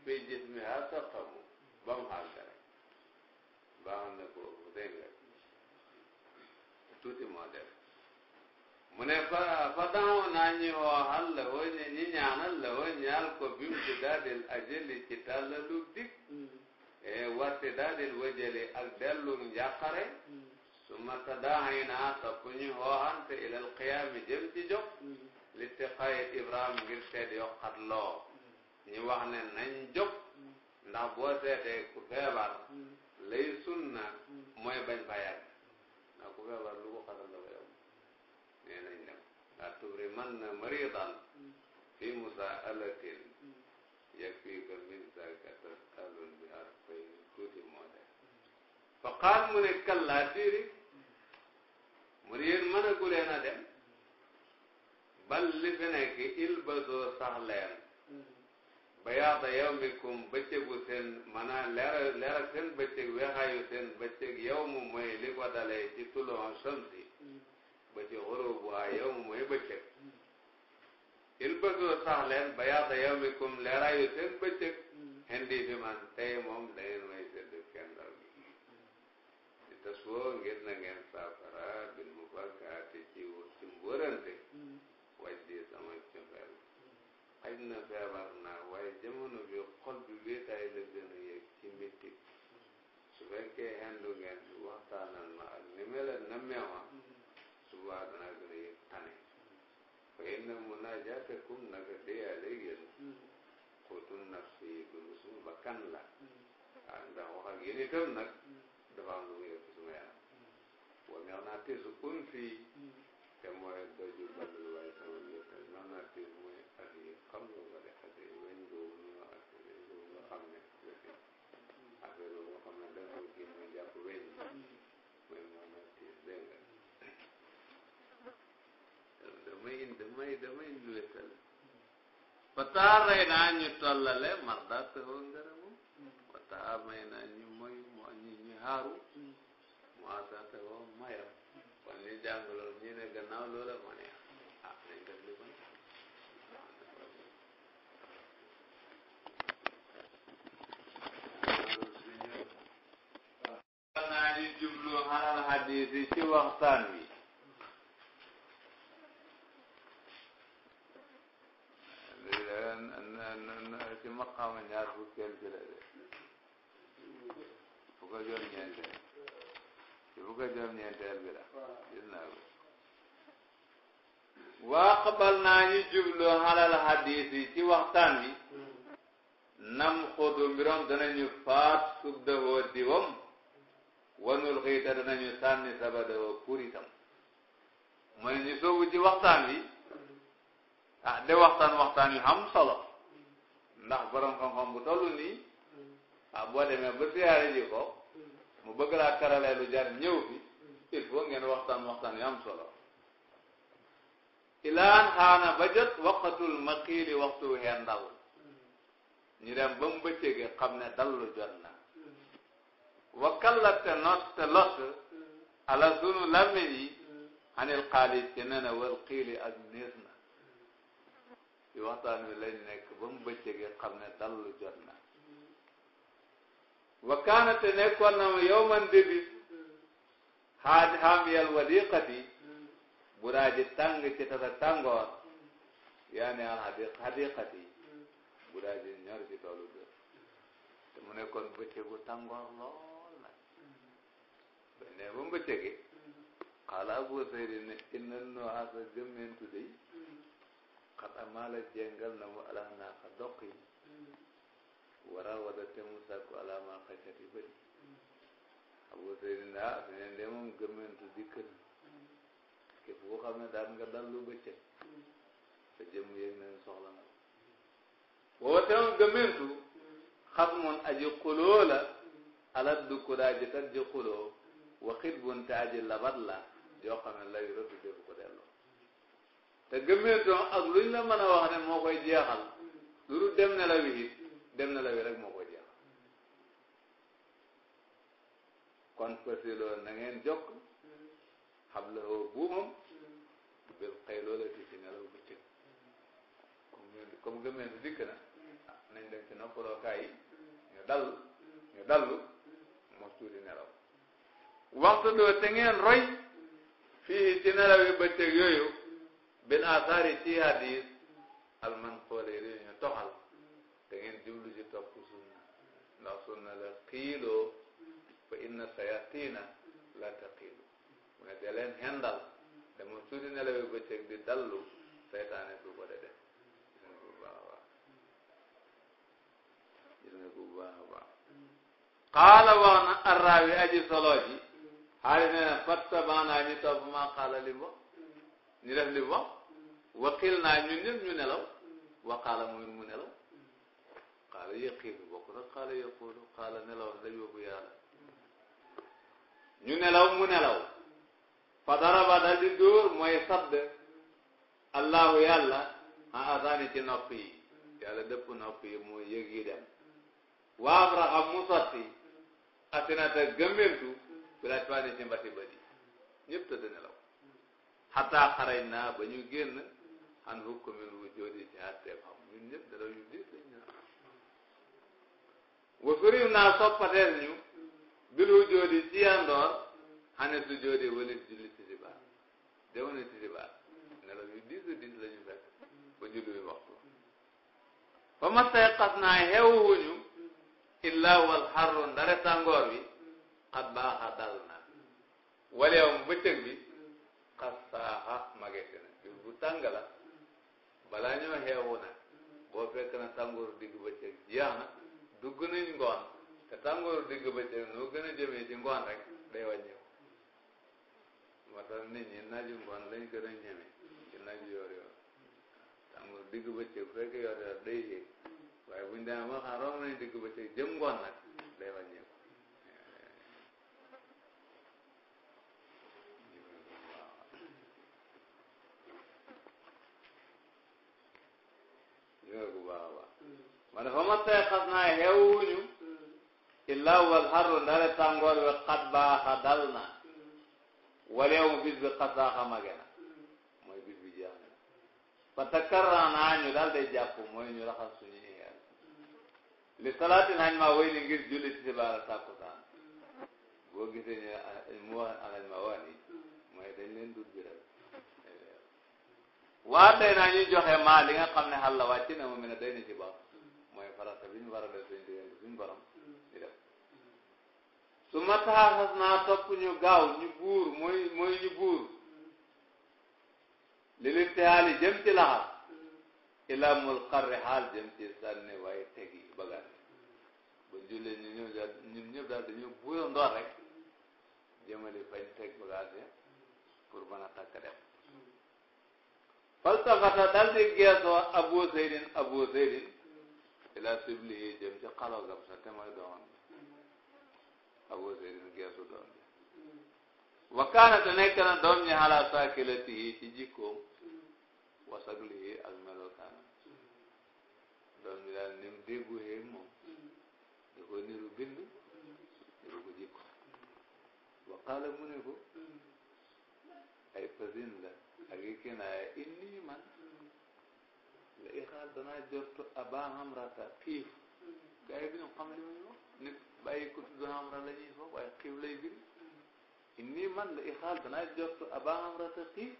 A: fi jismiha saqamu ba mu xaal ga rek baax na boobu dégg mu ne fa fa daaw naa la woo ñu ñu la woo ñaal ko bim ci daadil ajali ci tàllalu dig warte daadil wajali ak dellum njàqare su ma tadaaxay naa topp ñu waxante ilal qiyaami jëm ci jóg litiqaay Ibrahima ngir seet yokkat loo ñu wax ne nañ jóg ndax boo seetee ku feebar lay sunna mooy bañ fa yàgg ndax ku feebar lu ko xasal dafa yow nee nañ dem la tubri man na maridan fi musaalatin yakfika min zaka tasalun bi harfayn tuuti moo def fa qaal mu ne kallaa tiiri mu ne yéen mën a guleen a dem bal li fi nekk il basoo sax leer hmm. bayaata yawmikum bëccëgu seen maanaam leer leer ak seen bëccëg weexaayu seen bëccëg yow mu mooy li ko dalee ci tulon samsi hmm. ba ci xurub waa yow mu mooy bëccëg hmm. il basoo sax leen bayaata yawmikum leeraayu seen bëccëg
B: indi fi man
A: tey moom dangeen may sedd kendal gi di tas woo ngir na ngeen saafara bil mubakkati ci wërante xaj na feebar naa waaye jamono bi xol bi wéetaay la gën a yëg ci mbittig su fekkee xendu ngeen waxtaanal ma ak ni melen na meewa subaa dana gën a yëg tane fa inna munaajaatakum naka déyaale yéen xóotum nafsi dundu suma bakkan la ah ndax wax ak yéen itam nag dafa am lu mu yëg suma yaram wa meex naa tisu un fii te mooy in damay damay ñu wétal fa taa rey naa ñu tollale mardaat hoo ngërëmu fa taa may naa ñu moy ñu ñu xaaru mu asaat hoo mayam kon ñu jàng loolu ñu ne gannaaw loola ma neex ah nañ def li ma neex naa ñu jublu xalal xadiis yi ci waxtaan wi na ci maqaama ñaar fukkeel bi la de fukk ak juróom-ñeenteel ci fukk ak juróom-ñeenteel bi la gis naa ko waa xabal naa ñu jublu xalal xadiis yi ci waxtaan bi nam xudu mbirom danañu faat sub dawoo diwam wanul xiita danañu sànni saba dawoo puritam mooy ñu soobu ci waxtaan bi a ah, de waxtaan waxtaan yu am ndax borom xam bu toll nii ah boo demee ba siyaare ji ko mu bëgg laa karalee lu jar ñëw fi il faut ngeen waxtaan waxtaan yu am ilaan xaana ba jot waqatul maqiili waxtu wee ndaw ñu dem ba mu bëccëgee xam ne dallu jot na wakkalat te not te lot
B: ala sunu làmmiñ yi anil xaalis ci nene
A: wal xiili ak niis ci waxtaan wi lañ nekk ba mu bëccëgee xam ne dallu jot na wa kaanate nekkoon na ma yow man débis
B: xaaj xaamiyal
A: wadiqati bu daa ci tata tàngoor
B: yaa ne al xadi xadiqati
A: bu daa ji ñor ci toolu dër te mu nekkoon bëccëgu tàngoor lool nag ba ne ba mu bëccëgee xaala abu sayri ne innal nuhaasa gëmmentu day xatamaala jéngal na mu ala naaxa doq yi wara wada te mu sàkku maa xacat yi bëri abu seydi ne ah fi ne ndee moom gëmmentu dikk
B: na
A: képp ku xam ne daan nga dallu bëccëg sa jëmm yëg nañ soxla na woo te moom gëmmentu xam aji xuloo la alat du kuraaji tat ji xuloo waxit bun te aji labat la yoo xam ne lay rëdd def ko del te gëmmeetoo ak luñ la mën a wax ne moo koy jeexal lu dul dem ne la dem ne la rek moo koy jeexal kon fasiloo na ngeen jokk xam la woo buumam bil xëy loola ti ci nelaw bu cëg comme comme dikk na ah, nañ dem ci noppalookaay yi ñu dal ñu dallu mos tuuti nelaw waxtu doo te ngeen roy fii ci nelaw yi bëccëg yooyu bin asaari ci hadis almanqoole yi dañu toxal da ngeen jublu ci topp sunna ndax sunna la xiiloo fa inna sayatina la taqiilu mu ne de leen xendal dama suuti nelawe bëccëg di dallu saytaane du ko de def gis nga bu baax a baax gis nga bu baax a baax
B: xaala wax na arraawi aji
A: solo ji topp maa xaala li mbokk ñu def li mu wax waqil naa ñun ñëpp ñu nelaw mm. waqaala mooy mu nelaw xaala yaqiin bokk na xaala yaquulu xaala nelaw la yóbbu yàlla ñu nelaw mu nelaw fa daraba dal di dóor mooy sadd allahu yàlla a asaani ci nopp yi yàlla dëpp nopp yi mooy yëg dem waa raxa mu sotti asinata gëmmentu bi laaj faa ni ci mbati bati ñëpp tëdd nelaw xataa xaraj naa ba ñu génn xan hukkumin wu joodi ci àtteeb xam ñun ñëpp dara yu diis lañ ñu wa surim naa soppateel ñu bil wu joodi ci yandoor xane du joodi walit julli ci si baat dew na ci si yu diis a diis la ñu fekk ba julli waxtu ba ma say xas naa xewuñu illa wal xarru ndare tàngoor bi xat baaxa dal na wala yow bëccëg bi xasaaxa magete na bis bu tàng la balaa ñoo xeewu nag boo fekk na tàngooru digg bëccëg jeex na dugg nañ ngoon te tàngooru digg bëccëg noo gën a jëmee ci rek day wàññeeku moo tax nit ñi naaju ngoon lañ gën a ñeme ci naaju yoor yoor tàngooru digg bëccëg fekk yoor yoor day yéeg waaye buñ demee ba xam romb nañ digg bëccëg jëm ngoon nag day wàññeeku nga bu baax a baax ma ne ma tey xas naa xewuñu illaa wal xarru ndare tàngoor wi xat baaxa dal na wala yow bis bi xas baaxa mage na mooy bis bi jeex na fa takkarraa naa ñu daal day mooy ñu raxas suñuy xel li salaatin hañ ma wéy ni ngir julli ci sibaara tàkkusaan boo gisee ñu mu wax ma wax ni mooy dañ leen dut bi
B: waa tey naa ñuy joxe maa li ne
A: xal la wàcc na mu mel ne day na ci baax mooy farata bi ñu war a def suñu diggante suñu borom di def su ñu gaaw ñu buur mooy ñu buur li li jëm ci laxas ilaa mul xarri xaal jëm ci sànni waaye teg yi bagaan ba jullee ñu ñëw daal ñun ñëpp daal dañu buura ndoor rek jëmali fañ teg bagage pour mën a takk def faltafata dal di geesoo abu seydin abu seydin ila siblihi jëm ci xalogam sa te mooy abu seydin geesu doom bi wakkaana te nekk na doom saakilatihi ci jikkoom wasaglihi ak melokaanam doom ñi daal nim déggu hee moom da ko niru bind niru ko jikko mu ne ko ay fasin ak i kinaaya inni man la ixaar danaa jortu abaa hamrata xiif gaa yi duñu xam li muy wax nit bàyyi ko tudd hamra la ñuy foog waaye xiif lay firi inni man la ixaar danaa jortu abaa hamrata xiif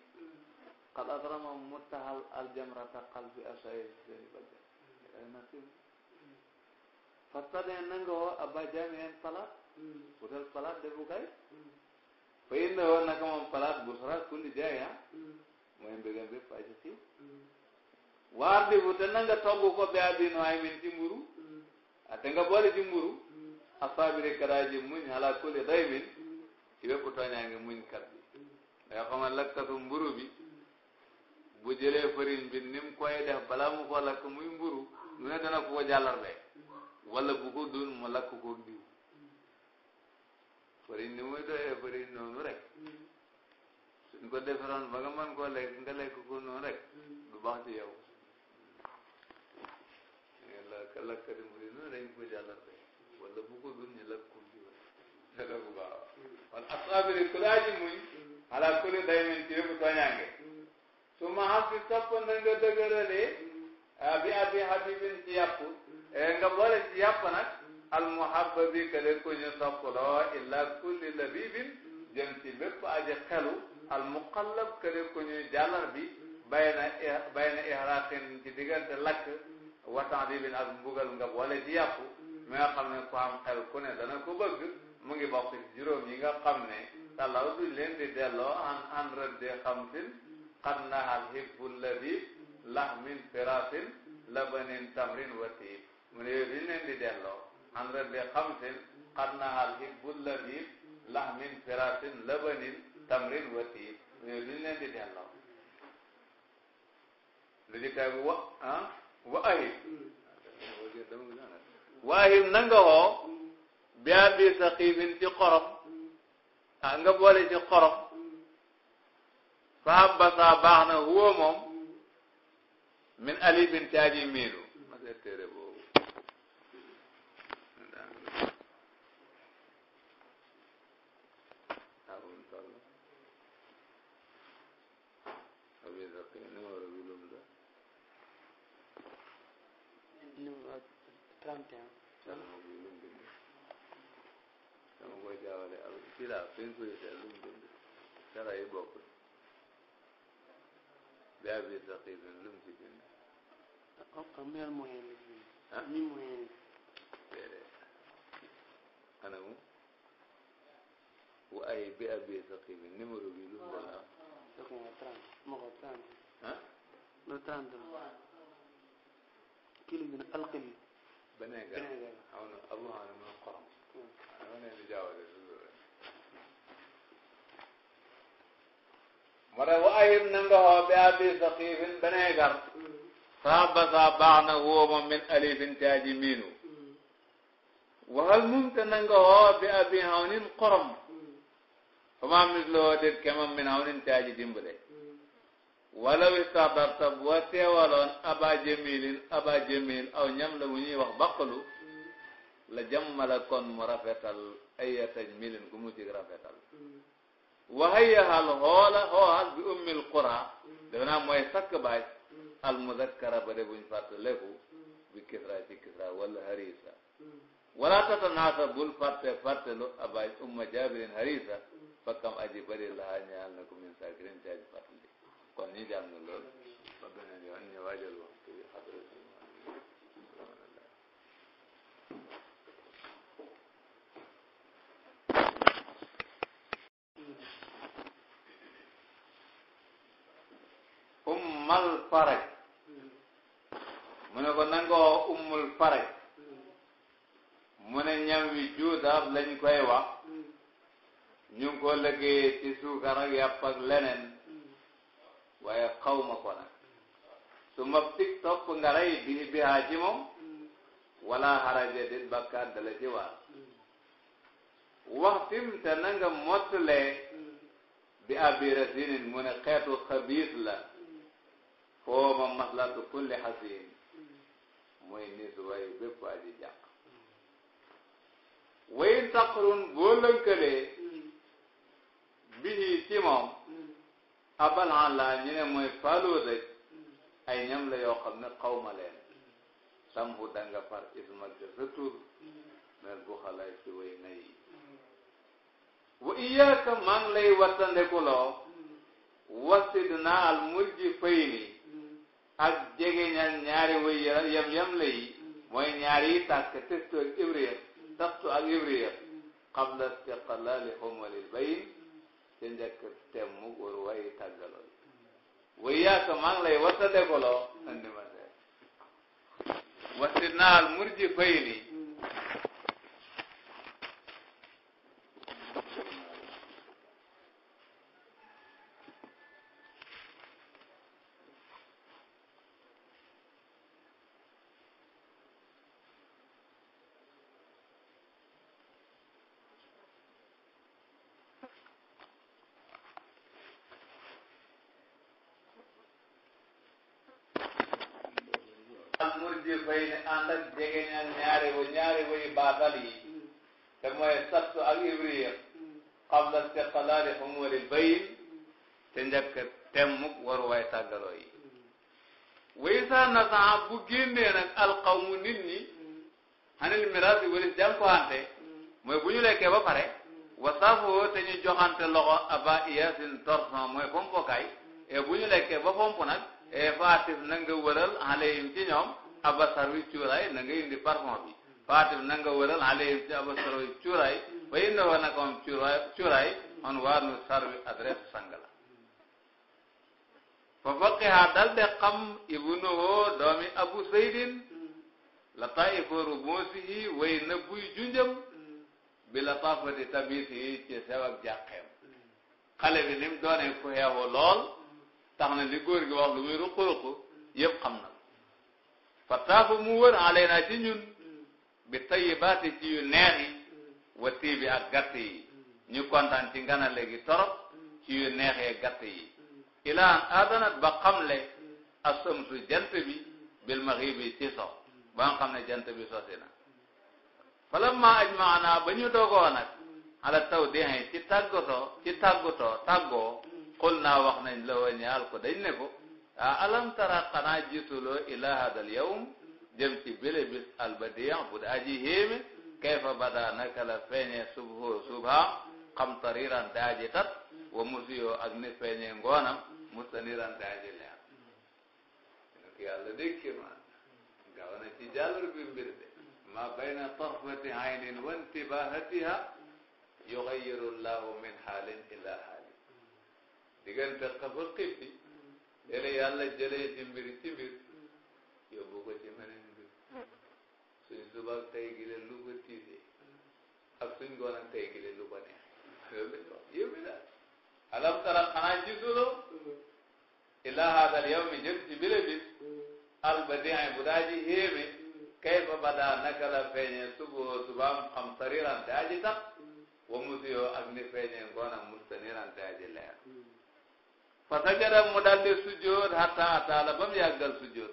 A: qad adrama muttahal aljamrata qalbi asaye seeni bagga ay na xiif fastane nanga woo abaa jaameen palaat wutal palaat defukaay
B: fa inna woon naka
A: moom palaas bu soxlaa kulli jaaya mooy mm. mbégam bépp waar di bu te na nga togg ko bi abin waay min ci mburu mm. ah nga boole ci mburu mm. asaabiri kadaa ji muñ ala kulli day min ci bépp tooñaa ngi muñ kat bi da nga xamal lakkatu mburu bi bu jëlee farine bi ni mu koy def balaa mu ko lakk muy mburu lu ne dana ko ko jàllarbe wala bu ko dun mu lakk ko diw fariñ ni muy rek suñ ko defaroon ba nga mën koo ko noonu rek du baax ci yow lakka lakkati muri noonu dañ ko jàllante wala bu ko dun ñu lakk kum jiwa ne la bu baax kon asabiri ji muñ ala kulli day min ci yëpp tooñaange su ma xam si topp na nga dëgëralee bi abi habibin ci nga boole ci yàpp nag almuhabba bi kale ko ñu sopp loo illa kulli labibin jëm ci bépp aji xelu almuqallab kale ko ñuy jàllar bi bayna bayna ihraqin ci diggante lakk watan di bin ak mbugal nga boole ci yàpp mi nga xam ne ku am xel ku ne dana ko bëgg mu ngi bokk ci juróom yi nga xam ne talaw duñ leen di delloo an an radde xamsin xad nahal hibbu labib lahmin firasin labanin tamrin watiib mu ne yooyu delloo an rëddi xamsin xannahaal hibbul labib lahmin firasin labanin tamrin watiib ñoo duñ leen di delloo lu ci tegu wa ah wa ahim wa ahim na nga woo bia bi sa xiifin ci xorom ah nga boole ci xorom fahab ba saa baax na huwa moom min alibin caaji miinu ma seet téere boobu bi nga yi bokkul bi abi saqibin lu mu ci bind
B: mel moyen la ci bind ah mi moyen
A: déedéet anamu waaye bi abi saqibin numéro bi lu mu doon am dëgg nga trente bi alqim beneen ga ana ma xorom moo tax waayim na nga xoo bi abi saqifin beneegar saaba saa baax na wooma min alifin taaji miinu waxal mum te na nga xoo bi abi xaw nin xorom fa maa mis loo déet kemam min xaw nin taaji dimbale wala wi saxdarta boo teewaloon aba jamilin aba jamil aw ñam la bu ñuy wax baqalu la jàmmala kon mu rafetal ay tajmilin ku mu ci rafetal wahayahal hoola hoowal bi ummil qura dafa naa mooy sakk baaj al muzakkara ba de buñ fàttaleku bi kisra ci kisra wala harisa wala tatanaasa bul fàtte fàttelu abaaj umma jaabirin harisa fakkam aji bari lahaa ñaal na ko min sakirin ci aji fàttali kon ñu jàng loolu ba beneen yoon ñu ummal faraj mu ne ko nanga wax ummul faraj mu ne ñam wi juudaab lañ koy wax ñu ngi ko liggéeyee ci suukar ak yàpp ak leneen waaye xawma ma ko nag su ma tik topp nga rey bi bi haa xaraja dit bakkaat dala ci waar waxtim te nanga mottalee
B: bi abirasinin mu ne xeetu
A: xabiis la foo ma maslatu kulli xasin mooy nitu waaye bépp aji jàq wayin taqrun boo lënkalee bihi ci moom abalan la ñu ne mooy faaloo ay ñam la yoo xam ne xaw ma leen sambu danga far isma ga sa tur mel bu xalaay ci way nayi wa iyaaka maa ngi lay wattandekuloo wasid naa al mujji fay ak jege ñaar ñaari way yam yam la yi mooy ñaari yi tàkk testu ak ibriya taxtu ak ibriya qabla istiqlaali xumalil bayin ca njëkk temmu góor wayi tàggaloo way yaaka maa ngi lay wasa dekoloo andi ma seet al murji fayni bay ni ànd ak jege ñaar ñaari wu ñaari wuy baatal yi te mooy sabtu ak ibriya qabla istiqlaali xumuri bayin te njëkk temmuk waru waay tàggaloo yi waysa nasaa bu génnee nag alqawmu nit ñi xanil miraas yi walis jànkuwante mooy bu ñu lekkee ba pare wasaafoo te ñu joxante loxo aba iyasin torson mooy pompokaay e bu ñu lekkee ba pomp nag e faatif na nga wëral alayhim ci ñoom abasar wi cuuraay na nga indi bi faatim na nga wëral alayhim ci abasar wi cuuraay ba indi woon naka moom cuuraay cuuraay on waa nu sar wi adresse sang la fa faqiha dal de ibnuhu doomi abu saydin la taifa rubusihi way na buy junjëm bi la tafati tabisihi ci sew ak jàqeem xale bi ni ku xeexu lool tax na li góor gi wax ruqu ruqu yëpp xam na fataafa mu wër alayna ci ñun bi tayibaati ci yu neex yi wati ak gàtt yi ñu kontaan ci ngana léegi torop ci yu neexee gàtt yi ilaan adanat ba xamle assamsu jant bi bil maxibi ci so ba nga xam ne jant bi sosi na falamma ajmaana ba ñu dogoo nag ala taw dixen ci tàggatoo ci tàggatoo tàggoo xul naa wax nañ la wa ko dañ ne ko Ah, alam tara xanaa jiituloo ila hadal yawm jëm ci bile bis albadiyan bu daa ji héeme kayfa bada naka la feeñee subhoo subha xam tariran daa ji tat wa musiyoo ak ni feeñee ngoonam mustaniran daa ji leer ki yàlla dékki ma gaw na ci jàllar bi mbir de ma bayna tarfati aynin wa intibahatiha yugayiru llahu min xaalin ila xaalin diggante xafa xippi léeg-léeg yàlla jëlee ci mbir ci mbir yóbbu suñ suba tey gi la lu ak suñ ngoon ak tey gi la lu ko neex loolu lañ wax yëpp la alam tara xanaa gisuloo ila haadal mi jëm ci bile bis albadin bu daa ji héeme kay fa badaa naka suboo subaam xam tariran daa ji tax wa ak ni feeñee ngoonam mustaniran daa ji fa sajada mu daal di sujjóot hatta ataala ba mu sujjóot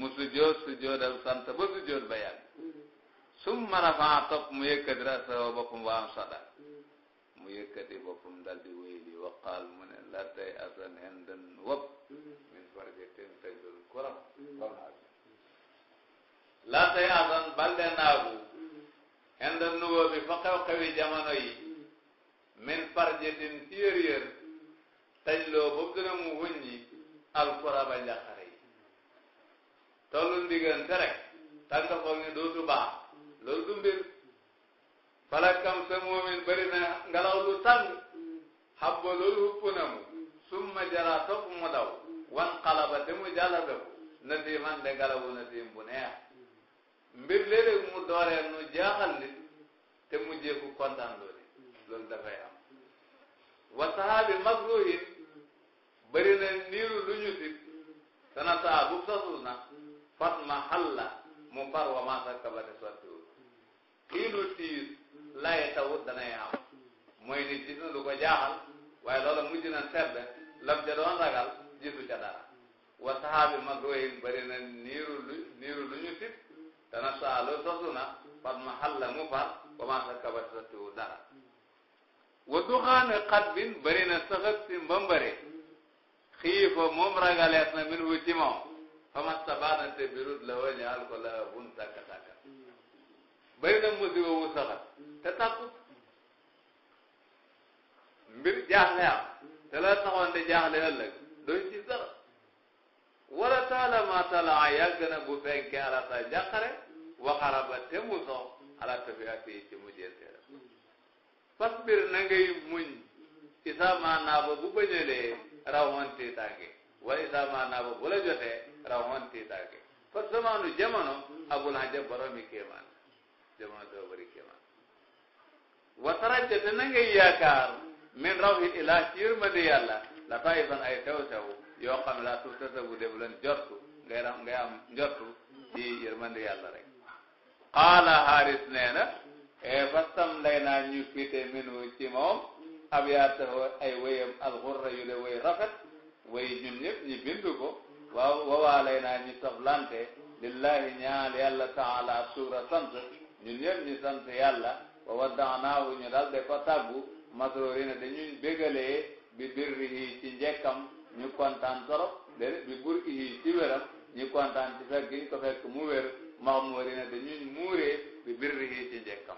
A: mu sujjóot sujjóotal sant ba sujjóot ba summa rafaa topp mu yëkkati rasahu boppam wa am sada mu yëkkati boppam daal di wéyli waqaal mu ne la tey asan hendan wëpp min farje ten tajul kuram la tey asan balde naagu hendan nuwo bi fa xew-xewi jamono yi min farje tajloo ba gën a mu wëññi alxuraba njaqare yi tollu ndiggante rek tànga foog ne dootu baax loolu du mbir falakam sa moomin bari na ngelaw lu tàng xabba loolu hupp na mu summa jara topp mu daw wan xalaba te mu jàllataku na tiiman de ngelawu na tiim bu neex mbir léeg mu dooree nu jaaxal nit te mu jéeku kontaan loolu loolu dafay am wa sahabi makruhin bëri na niiru lu ñu sib sana saa bu ma xalla mu far wa maa sakkabate sottiwul xiinu tiis lay tawut danay am mooy nit gis na lu ko jaaxal waaye loola mujj na sedd lam ragal gisu ca dara wa saxaabi magruhin bëri na niiru lu niiru lu ñu sib sana ma xalla mu far wa maa sakkabate sottiwul dara
B: wa duxaane
A: xat bin bëri na saxat xiifa moom ragalees na min wu ci moom famat sabanante birut la wa ñaal la bun tàkka tàkka bëri na musiba wu saxat te tàkkut mbir jaaxle am te la taxoon di jaaxle ëllëg doy ci dara wala taala ma taala yàgg na bu fenkee alata njàqare waxara ba te mu sox fi ak yi ci mujjeeteeram fasbir na ngay muñ isa maanaa ba bu bañalee raw woon tiitaange wala isaama naa ba bu la jotee raw tiitaange fa samaanu jamono abul hajab boromi kéemaan jamono doo bëri kéemaan wa taraja te na yaakaar min rawhin ilaa ci yërmande yàlla la taayifan ay sew-sew yoo xam laa suuf tasabu def leen jortu ngay am ngay ci yërmande yàlla rek qaala xaaris nee na e fastam lay naa ñu fite minu ci moom abyaatahu ay wéyam alxurra yu de wéy rafet wéy ñun ñëpp ñi bind ko waaw wawaalay naa ñu toflante lillahi ñaal yàlla taala suura sant ñun ñëpp ñu sant yàlla wa waddaanaahu ñu dal de ko tàggu masroorina dañuy bégalee bi birrihi ci njekkam ñu kontaan torop déedéet bi burihi ci wéram ñu kontaan ci fekk ñu ko fekk mu wér maxmuurina dañuy muuree bi birrihi ci njekkam